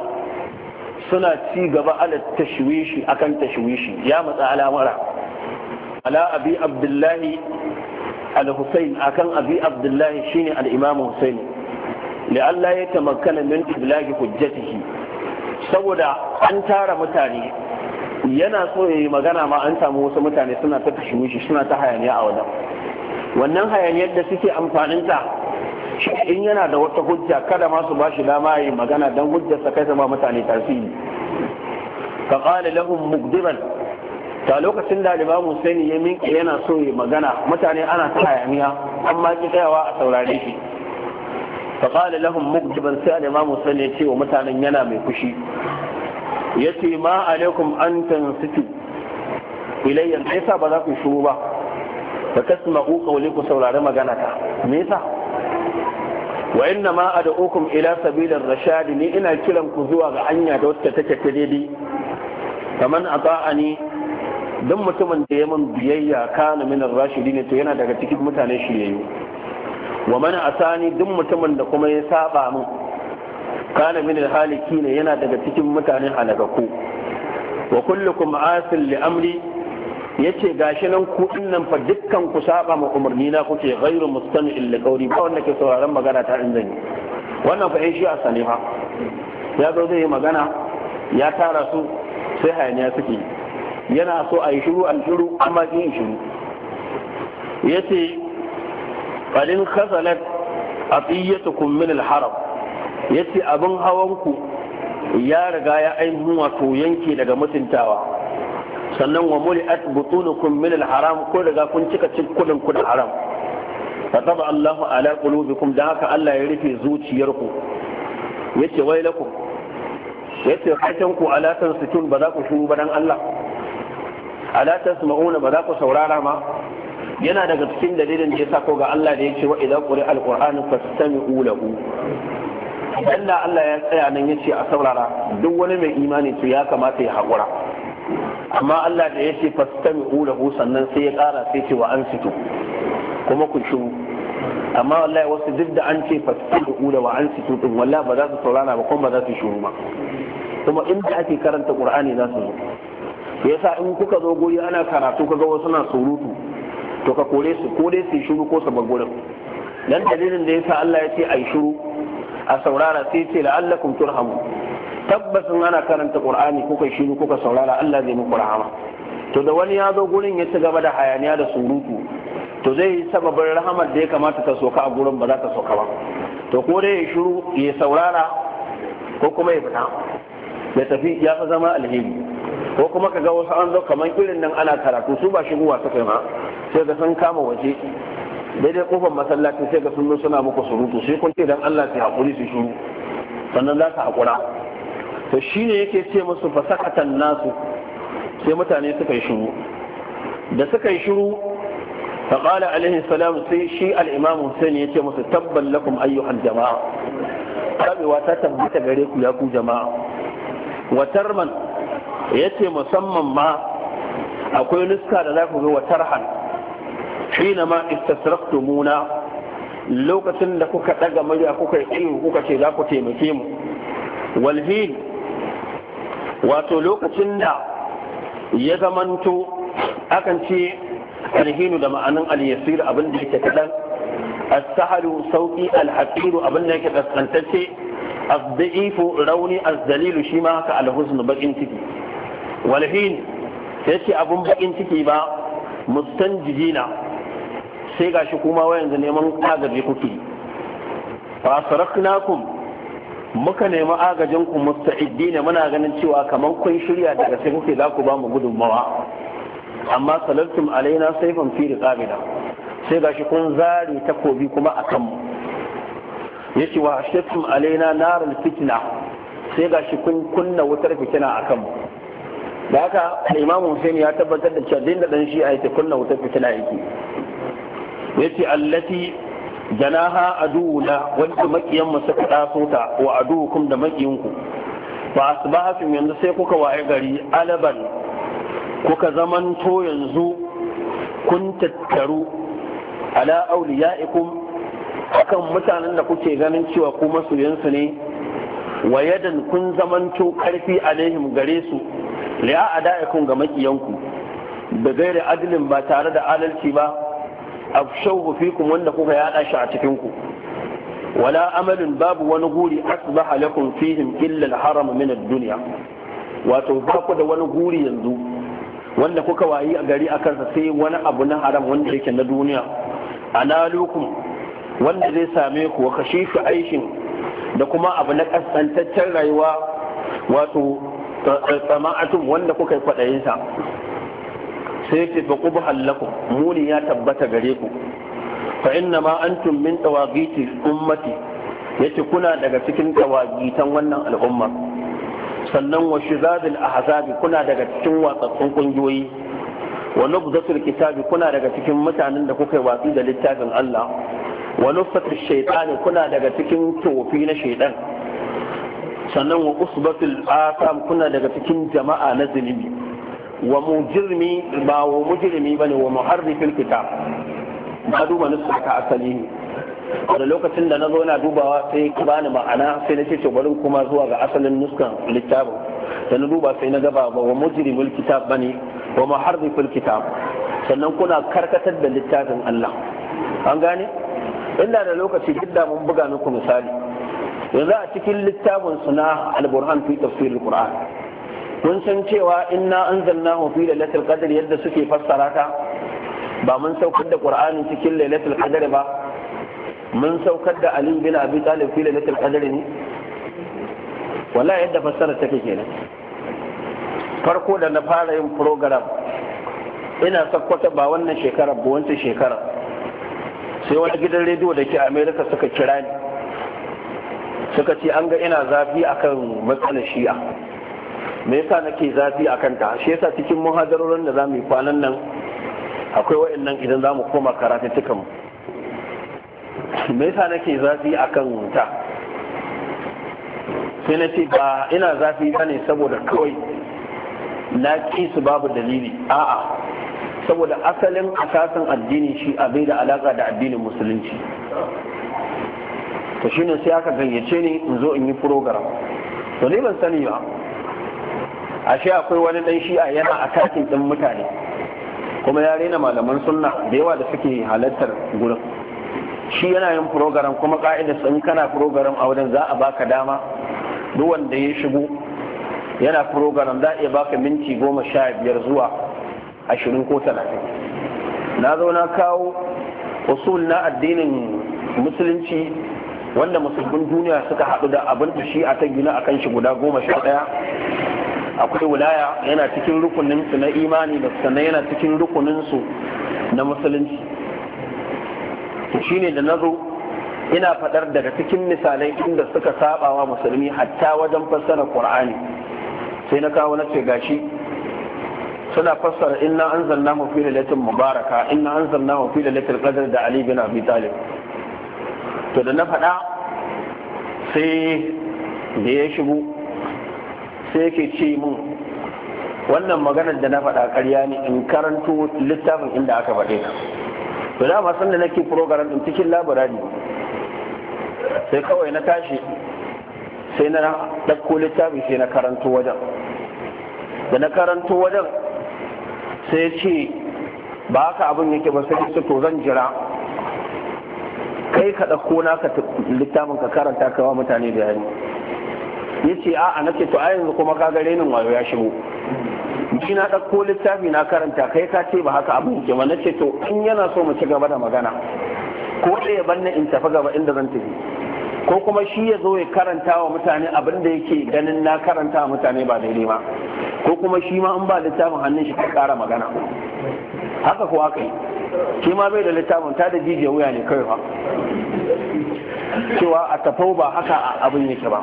suna ci gaba ala tashwishi akan tashwishi ya matsa al'amara ala abi abdullahi al-Husayn akan Abi Abdullah shine al-Imam Husayn allah ya tamakkana min iblagi hujjatihi saboda an tara mutane yana so yayi magana ma an samu wasu mutane suna ta tashimishi suna ta hayaniya a wajen wannan hayaniyar da suke amfanin ta in yana da wata hujja kada ma su bashi dama yayi magana dan sa kai ma mutane tasiri qala lahum مقدما ta lokacin da alibar ya minke yana so ya magana mutane ana ta hayaniya amma ki tsayawa a saurare shi fa qala lahum mugdiban sai alibar Hussein ya ce wa mutanen yana mai fushi ce, ma alaikum an tansitu ilayya yasa ba za ku shiru ba fa tasma'u qawli ku saurari magana ta me yasa wa inna ma ad'ukum ila sabilir rashadi ne ina kiran ku zuwa ga hanya da wacce take ta daidai kaman ata'ani don mutumin da ya min biyayya kana min rashidi ne to yana daga cikin mutane shiryayyu wa mana asani duk mutumin da kuma ya saba min kana min haliki ne yana daga cikin mutane halakaku wa kullukum asil li amri yace gashi nan ku nan fa dukkan ku saba ma umarni na kuke ghairu mustami'in li qawli ba wanda ke sauraron magana ta in zanyi wannan fa ai shi a ya zo zai yi magana ya tara su sai hayaniya suke yi yana so a yi shiru an shiru amma yin shiru ya ce ƙalin khasalat a tsiyyatukun kummin alharam ya ce abin hawanku ya riga ya ainihin wato yanke daga mutuntawa sannan wa muli muli'at butunukum kummin alharam ko daga kun cika cikin kudin haram fataba Allahu ala qulubikum da haka Allah ya rufe zuciyarku Ya ce wai wailakum ya ce ku ala sukin ba za ku shuru ba dan Allah su tasma'una ba za ku saurara ma yana daga cikin dalilin da ya sako ga Allah da ya ce wa idza quri alqur'anu fastami'u lahu Allah Allah ya tsaya nan ya ce a saurara duk wani mai imani to ya kamata ya haƙura amma Allah da ya ce fastami'u lahu sannan sai ya ƙara sai ce wa ansitu kuma ku shiru amma wallahi wasu duk da an ce fastami'u da wa ansitu din wallahi ba za su saurara ba kuma ba za su shiru ba kuma inda ake karanta qur'ani za su zo yasa in kuka zo guri ana karatu kaga wasu na surutu to ka kore su ko dai su shiru ko su gurin dan dalilin da yasa Allah ya ce ai shiru a saurara sai ce la'allakum turhamu tabbasin ana karanta qur'ani kuka shiru kuka saurara Allah zai muku rahama to da wani ya zo gurin ya ci gaba da hayaniya da surutu to zai yi sababin rahamar da ya kamata ta soka a gurin ba za ta soka ba to ko dai ya shiru ya saurara ko kuma ya fita ya tafi ya fi zama alheri ko kuma ka ga wasu an zo kamar irin nan ana karatu su ba shigowa suka yi ma sai ga sun kama waje daidai kofar masallacin sai ga sun suna muku surutu sai kun ce dan Allah sai hakuri su shuru sannan za su haƙura. to shine yake ce musu fasakatan nasu sai mutane suka yi shuru da suka yi shuru Al'imamu sai السلام سي شي الامام حسين يتي مس تبا لكم ta الجماعه gare ku ya يا jama'a. جماعه وترمن ya ce musamman ma akwai niska da za ku ga wa tarhan shi hina ma istasraftumuna lokacin da kuka ɗaga murya kuka yi kuka ce za ku taimake mu walhin wato lokacin da ya zamanto akan ce alhinu da ma'anin al abin da yake kaɗan, as-sahalu sauki al-haqiru abin da yake kaskantacce الضعيف روني الذليل شيما هكا الحزن بقين تكي walhin sai ce abun bakin ciki ba mustanjijina sai ga shi kuma wayanzu neman agaji kuke fa saraknakum muka nemi agajin ku ne muna ganin cewa kamar kun shirya daga sai kuke za ku ba mu gudunmawa amma salattum alaina saifan fi riqabina sai ga shi kun zare takobi kuma akan mu yace wa hashatum alaina narin fitna sai ga shi kun kunna wutar fitina a kanmu. da haka Imam Hussein ya tabbatar da cewa da dan shi a yake kunna wuta fitila yake yace allati janaha na wanda makiyan mu suka daso ta wa kuma da su fa asbahatum yanzu sai kuka waye gari alaban kuka to yanzu kun tattaru ala ikun akan mutanen da kuke ganin cewa ku soyansu ne wa yadan kun zamanto karfi alaihim gare su li'a adaikun ga makiyanku da gairi adilin ba tare da adalci ba a shauhu fikum wanda kuka yada shi a cikin ku wala amalin babu wani guri asbaha lakum fihim illa al-haram min ad-dunya wato ba ku da wani guri yanzu wanda kuka wayi a gari akan sa sai wani abu na haram wanda yake na duniya analukum wanda zai same ku wa kashifu aishin da kuma abu na kasantaccen rayuwa wato sama'atun wanda kuka yi kwaɗayinsa sai ce fa kubu hallaku muni ya tabbata gare ku fa inna ma antum min tawagiti ummati yace kuna daga cikin tawagitan wannan al'umma sannan wa a ahzabi kuna daga cikin watsattun kungiyoyi wa nubzatul kitabi kuna daga cikin mutanen da kuka yi watsi da littafin Allah wa nufsatul shaytani kuna daga cikin tofi na shaytan sannan wa usbatul asam kuna daga cikin jama'a na zulmi wa mujrimi ba wa mujrimi bane wa muharrifil kitab ba duba nusu aka asali ne da lokacin da na zo na dubawa sai ka bani ma'ana sai na ce barin kuma zuwa ga asalin nuskan littafin da na duba sai na gaba ba wa mujrimul kitab bane wa muharrifil kitab sannan kuna karkatar da littafin Allah an gane inda da lokaci gidda mun buga muku misali yanzu a cikin littafin suna Alburhan fi tafsir al-qur'an mun san cewa inna anzalnahu fi lailatul qadr yadda suke fassara ta ba mun saukar da qur'ani cikin lailatul qadr ba mun saukar da ali bin abi talib fi lailatul qadr ne wallahi yadda fassara take kenan farko da na fara yin program ina sakwata ba wannan shekarar ba wancan shekarar sai wani gidan rediyo da ke amerika suka kira ni suka ce an ga ina zafi akan matsalar shi'a me yasa nake zafi akan ta shi yasa cikin muhadarorin da zamu yi kwanan nan akwai wa'annan idan zamu koma karatuttukan mu me yasa nake zafi akan ta sai na ce ba ina zafi ba ne saboda kawai na ƙi su babu dalili a'a saboda asalin asasin addini shi abai da alaƙa da addinin musulunci to ne sai aka gayyace ni in zo in yi program to ne ban sani ba A shi akwai wani dan shi'a yana a takin din mutane kuma ya rena malaman sunna da yawa da suke halartar gurin shi yana yin program kuma ka'idar in kana program a wajen za a baka dama duk wanda ya shigo yana program za a iya baka minti goma sha biyar zuwa ashirin ko talatin na zo na kawo usul na addinin musulunci wanda musulmin duniya suka haɗu da abin da shi a ta gina akan shi guda goma sha ɗaya akwai wilaya yana cikin rukunin su na imani da sannan yana cikin rukunin su na musulunci shine da nazo ina faɗar daga cikin misalai inda suka sabawa musulmi hatta wajen fassara qur'ani sai na kawo na ce gashi suna fassara inna anzalnahu fi lailatin mubaraka inna anzalnahu fi lailatul qadr da ali bin abi talib to da na faɗa sai da ya shigo sai yake ce mun wannan maganar da na faɗa ƙarya ne in karanto littafin inda aka faɗe ta to da ma sanda nake program din cikin labarari sai kawai na tashi sai na ɗauko littafi sai na karanto wajen da na karanto wajen sai ce ba haka abin yake ba sai su to zan jira kai ka ɗauko naka littafin ka karanta ka wa mutane bayani ya ce a'a na ce to a yanzu kuma ka ga renin wayo ya shigo ni na ɗauko littafi na karanta kai ka ce ba haka abin ke ba na ce to in yana so mu ci gaba da magana ko ɗaya ban na in tafi gaba inda zan tafi ko kuma shi ya zo ya karanta wa mutane abin da yake ganin na karanta wa mutane ba daidai ba ko kuma shi ma in ba littafin hannun shi ka ƙara magana haka kuwa ka yi shi ma bai da littafin ta da jijiya wuya ne kawai ba cewa a tafau ba haka abin yake ba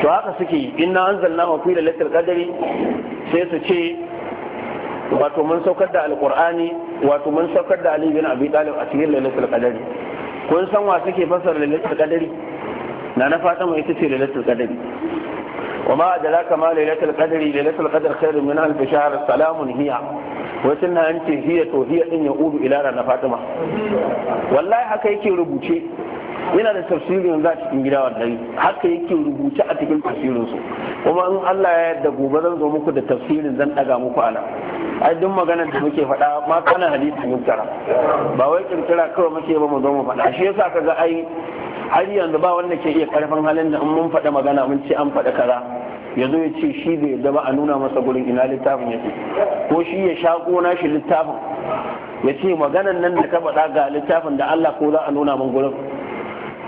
to haka suke yi an zalla wa fi da kadari sai su ce wato mun saukar da alkur'ani wato mun saukar da ali bin abi talib a cikin lailatul kadari. kun san wa suke fasara lailatul kadari? na na fatan ita ce lailatul kadari. وما أدراك ما ليلة القدر ليلة القدر خير من ألف شهر سلام هي وسنها أنت هي هي إن يقول إلى رنا فاطمة والله حكا يكي ربوشي Ina da tafsirin za cikin gida wallahi haka yake rubuce a cikin tafsirin su kuma in Allah ya yarda gobe zan zo muku da tafsirin zan daga muku ana ai duk maganar da muke faɗa ma kana hadisi muktara ba wai kirkira kawai muke ba mu zo mu faɗa shi yasa kaga ai har yanzu ba wanda ke iya karfin halin da in mun faɗa magana mun ce an faɗa kaza ya zo ya ce shi bai ya ba a nuna masa gurin ina littafin yake ko shi ya shaƙo na shi littafin ya ce maganan nan da ka faɗa ga littafin da Allah ko za a nuna min gurin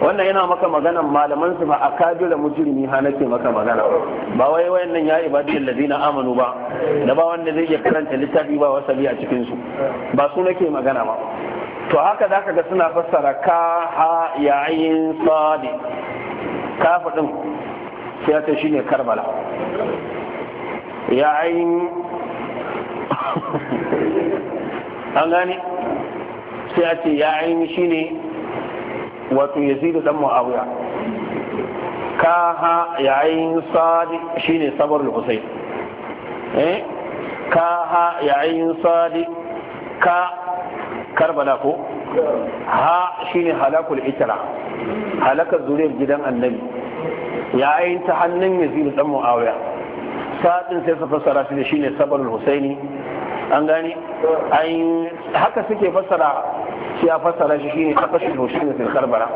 wannan yana maka maganan malaman su ba a kabila mujrimi ha nake maka magana ba wai wayannan ya ibadil ladina amanu ba da ba wanda zai iya karanta littafi ba wasabi a cikin su ba su nake magana ba to haka za ka ga suna fassara ka ha yayin sadi kafa ɗin sai ta shi ne karbala yayin an gani sai a ce yayin shi ne wato yazidu dan mu'awiya ka ha yayin sadi shi ne sabar husayn eh ka ha yayin sadi ka karbala ko ha shine halakul itira halakar zuriyar gidan annabi yayin ta hannun yazid dan muawiya sadin sai su fassara shi shine sabarul husaini an gane haka suke fassara shi ya fassara shi shine kafashin husaini fil karbala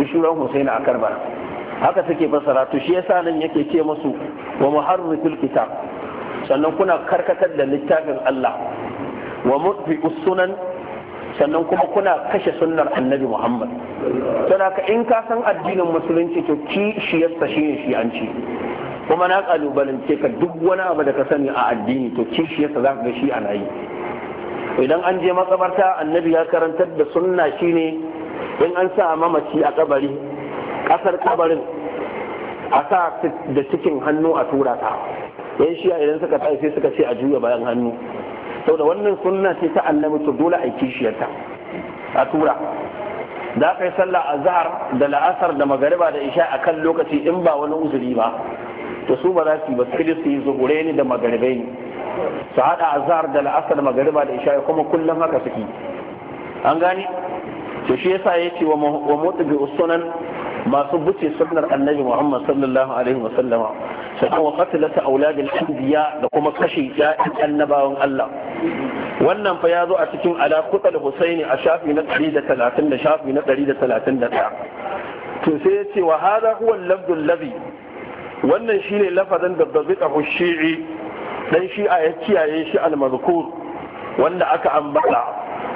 bishuran husaini a karbala haka suke fassara to shi yasa nan yake ce musu wa muharrifil kitab sannan kuna karkatar da littafin Allah wa mutfi sunan sannan kuma kuna kashe sunnar annabi muhammad tana ka in ka san addinin musulunci to ki shi shi ne shi'anci kuma na kalubalance ka duk wani abu da ka sani a addini to ki shi za ka ga shi ana yi idan an je makabarta annabi ya karantar da sunna shi ne in an sa mamaci a kabari kasar kabarin a sa da cikin hannu a tura ta yan shiya idan suka tsaye sai suka ce a juya bayan hannu saboda wannan sunna ce ta annabi to dole a kishiyarta a tura za ka yi sallah a zahar da la'asar da magariba da isha a kan lokaci in ba wani uzuri ba to su ba za su yi ba su yi zuhure ni da magaribai ne su haɗa a zahar da la'asar da magariba da isha kuma kullum haka suke an gani to shi yasa ya ce wa mutu bi usunan masu buce sunnar annabi Muhammad sallallahu alaihi wa sallama sannan wa qatlata auladil anbiya da kuma kashe ya'yan annabawan Allah wannan fa ya zo a cikin ala kutal husaini a shafi na 130 da shafi na 131 to sai ya ce wa hada huwa lafdul ladhi wannan shine lafazin da dabita shi'i dan shi'a ya kiyaye shi al-mazkur wanda aka ambata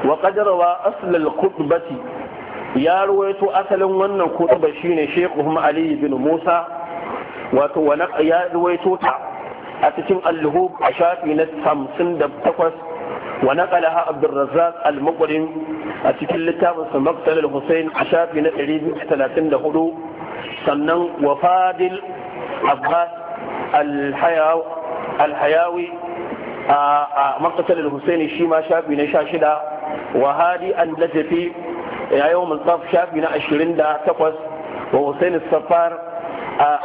wa qadara wa asl al-khutbati ya ruwaito asalin wannan kutuba shine Sheikh Ali bin Musa wato wala ya ruwaito ta a cikin al-Luhub a shafi na 58 wa naqalaha Abdul Razzaq al-Muqrin a cikin littafin sa Maqtal al-Husayn a shafi na 234 sannan wa Fadil Abbas al-Hayawi a Maqtal al-Husayn shi ma shafi na 16 wa Hadi an-Najafi ya yau mulkaf shafi na 28 wa Hussein Safar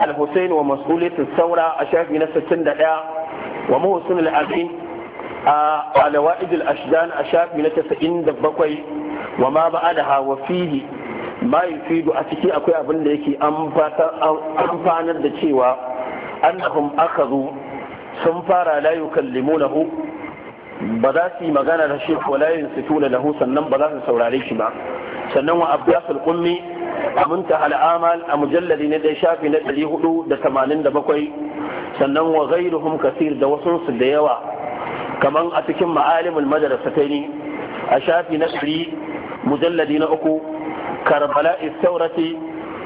al-Hussein wa mas'uliyatu saura a shafi na 61 wa Muhsin al-Azim a Lawaid al-Ashdan a shafi na 97 wa ma ba'adaha wa fihi ma yufidu a ciki akwai abin da yake amfanar da cewa annahum akhadhu sun fara la yukallimunahu ba za su yi magana da shi ko layin su tuna lahu sannan ba za su saurare shi ba sannan wa abdasul kummi a munta al'amal a mujalladi na dai shafi na 487 sannan wa ghairuhum kasir da wasu su da yawa kaman a cikin ma'alimul madrasataini a shafi na 100 mujalladi na uku karbala istaurati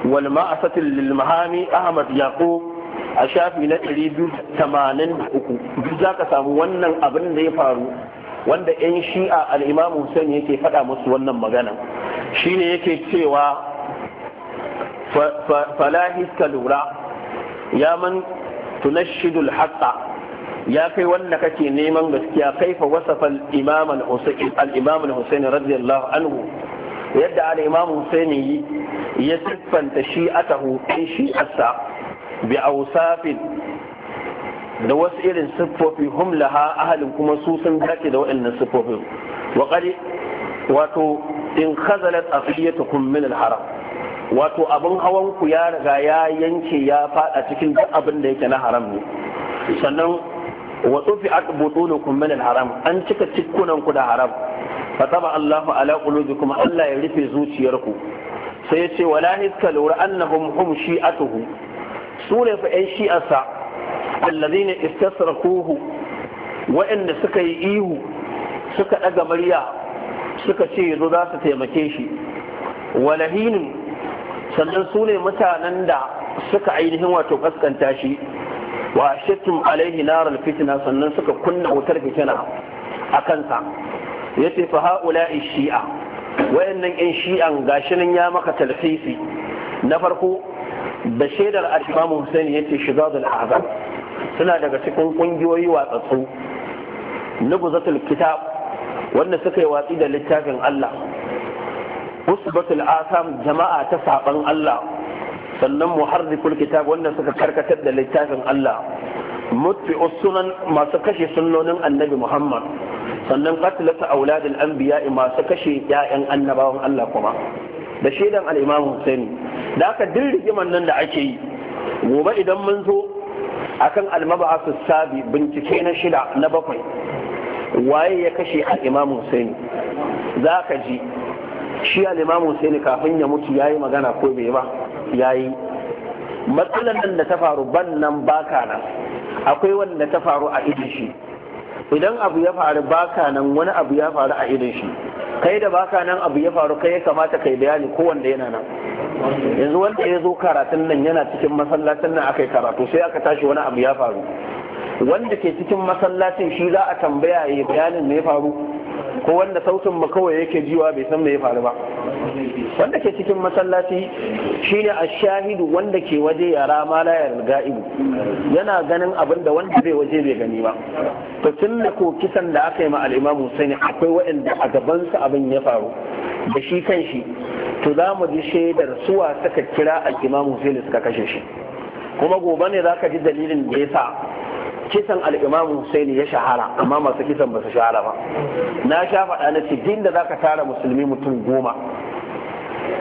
wal ma'asati lil mahami ahmad yaqub a shafi na 283 zaka samu wannan abin da ya faru wanda 'yan shi'a al'imamu Hussein yake faɗa musu wannan magana shine yake cewa Falahi lura ya man tunashidul hatta ya kai wanda kake neman gaskiya kaifa wasafa al-imam al-husayn al-imam al-husayn radiyallahu anhu yadda al-imam husayn ya siffanta shi'atahu in shi'arsa bi awsafin da wasu irin siffofi hum laha ahalin kuma su sun dace da waɗannan siffofin wa wato in khazalat afiyatukum min al-haram wato abin hawan ku ya riga ya yanke ya fada cikin duk abin da yake na haram ne sannan wa tufi'at butunukum min al-haram an cika cikkunan ku da haram fa taba Allahu ala qulubikum Allah ya rufe zuciyarku sai ya ce wala hiska lura annahum hum shi'atuhu su ne fa yan shi'arsa alladhina istasrakuhu wa'anda suka yi ihu suka daga murya suka ce yazo za su taimake shi walahinin sannan su ne mutanen da suka ainihin wato kaskanta shi wa shattum alaihi naral fitna sannan suka kunna wutar fitina a kansa yace fa haula'i shi'a wayannan yan shi'an gashi nan ya maka talfisi na farko da shaidar al-Imam Hussein yace shiga azab suna daga cikin ƙungiyoyi watsatsu nubuzatul kitab wanda suka yi watsi da littafin Allah usbatul asam jama'a ta saban Allah sannan muharriful kitab wanda suka karkatar da littafin Allah mutfi sunan masu kashe sunnonin annabi Muhammad sannan qatlata auladil anbiya masu kashe 'ya'yan annabawan Allah kuma da shaidan al-Imam Husaini da aka dirrigiman nan da ake yi gobe idan mun zo akan almaba'asu sabi bincike na shida na bakwai waye ya kashe a imam Husaini ka ji shi a imam Husaini kafin ya mutu ya yi magana ko bai ba Ya yi. matsalan nan da ta faru ban nan baka nan akwai wanda ta faru a idin shi idan abu ya faru baka nan wani abu ya faru a idin shi kai da baka nan abu ya faru kai ya kamata kai bayani ko wanda yana nan yanzu wanda ya zo karatun nan yana cikin masallacin nan aka yi karatu sai aka tashi wani abu ya faru wanda ke cikin masallacin shi za a tambaya ya bayanin me ya faru ko wanda sautin mu kawai yake jiwa bai san me ya faru ba wanda ke cikin masallaci shi ne a shahidu wanda ke waje yara ma la ga'ibu yana ganin abin da wanda bai waje bai gani ba to tun da ko kisan da aka yi ma al'imamu sai ne akwai waɗanda a gabansa abin ya faru da shi kan shi to za mu ji shaidar suwa suka kira al'imamu sai suka kashe shi kuma gobe ne za ka ji dalilin da ya sa. kisan al'imamu husaini ya shahara amma masu kisan ba su shahara ba na sha faɗa na ce din da za ka tara musulmi mutum goma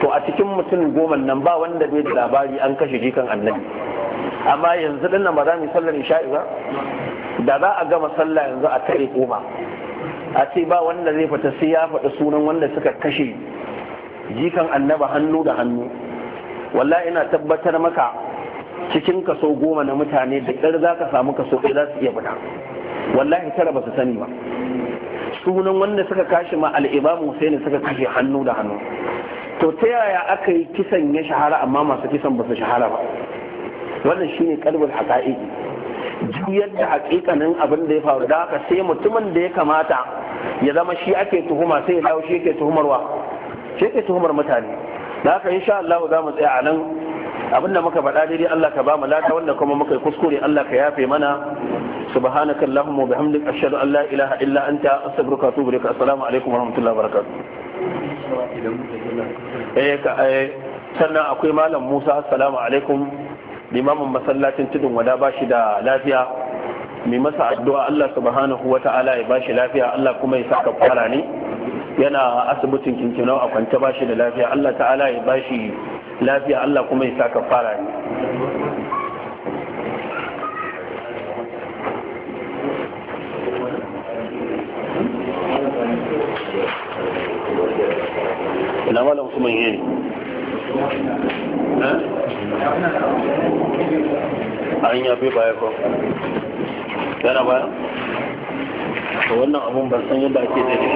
to a cikin mutum goma nan ba wanda bai da labari an kashe jikan annabi amma yanzu ɗin nan ba za mu sallar isha'i ba da za a gama sallah yanzu a tare koma a ce ba wanda zai fata sai ya faɗi sunan wanda suka kashe jikan annaba hannu da hannu wallahi ina tabbatar maka cikin kaso goma na mutane da ɗar za ka samu kaso ɗaya za su iya fita wallahi tara ba su sani ba sunan wanda suka kashi ma al'imam ne suka kashe hannu da hannu to ta yaya aka yi kisan ya shahara amma masu kisan ba su shahara ba wannan ne kalbul haqa'iqi juyar da hakikanin abin da ya faru da haka sai mutumin da ya kamata ya zama shi ake tuhuma sai ya dawo shi yake tuhumarwa shi yake tuhumar mutane da haka insha Allah za mu tsaya a nan abinda muka faɗa daidai Allah ka ba mu lada wanda kuma muka yi kuskure Allah ka yafe mana subhanaka allahumma wa bihamdika ashhadu an la ilaha illa anta astaghfiruka wa atubu ilaik assalamu alaikum wa rahmatullahi wa barakatuh eh ka eh, sannan akwai malam Musa assalamu alaikum limamin masallacin tudun wada ba shi da lafiya mai masa addu'a Allah subhanahu wa ta'ala ya ba shi lafiya Allah kuma ya saka fara ne yana asibitin kinkinau a kwanta ba shi da lafiya Allah ta'ala ya ba shi lafiya Allah kuma ya sa ka fara ne na malam kuma yi ne an yafe baya ko yana baya wannan abun ban san yadda ake da shi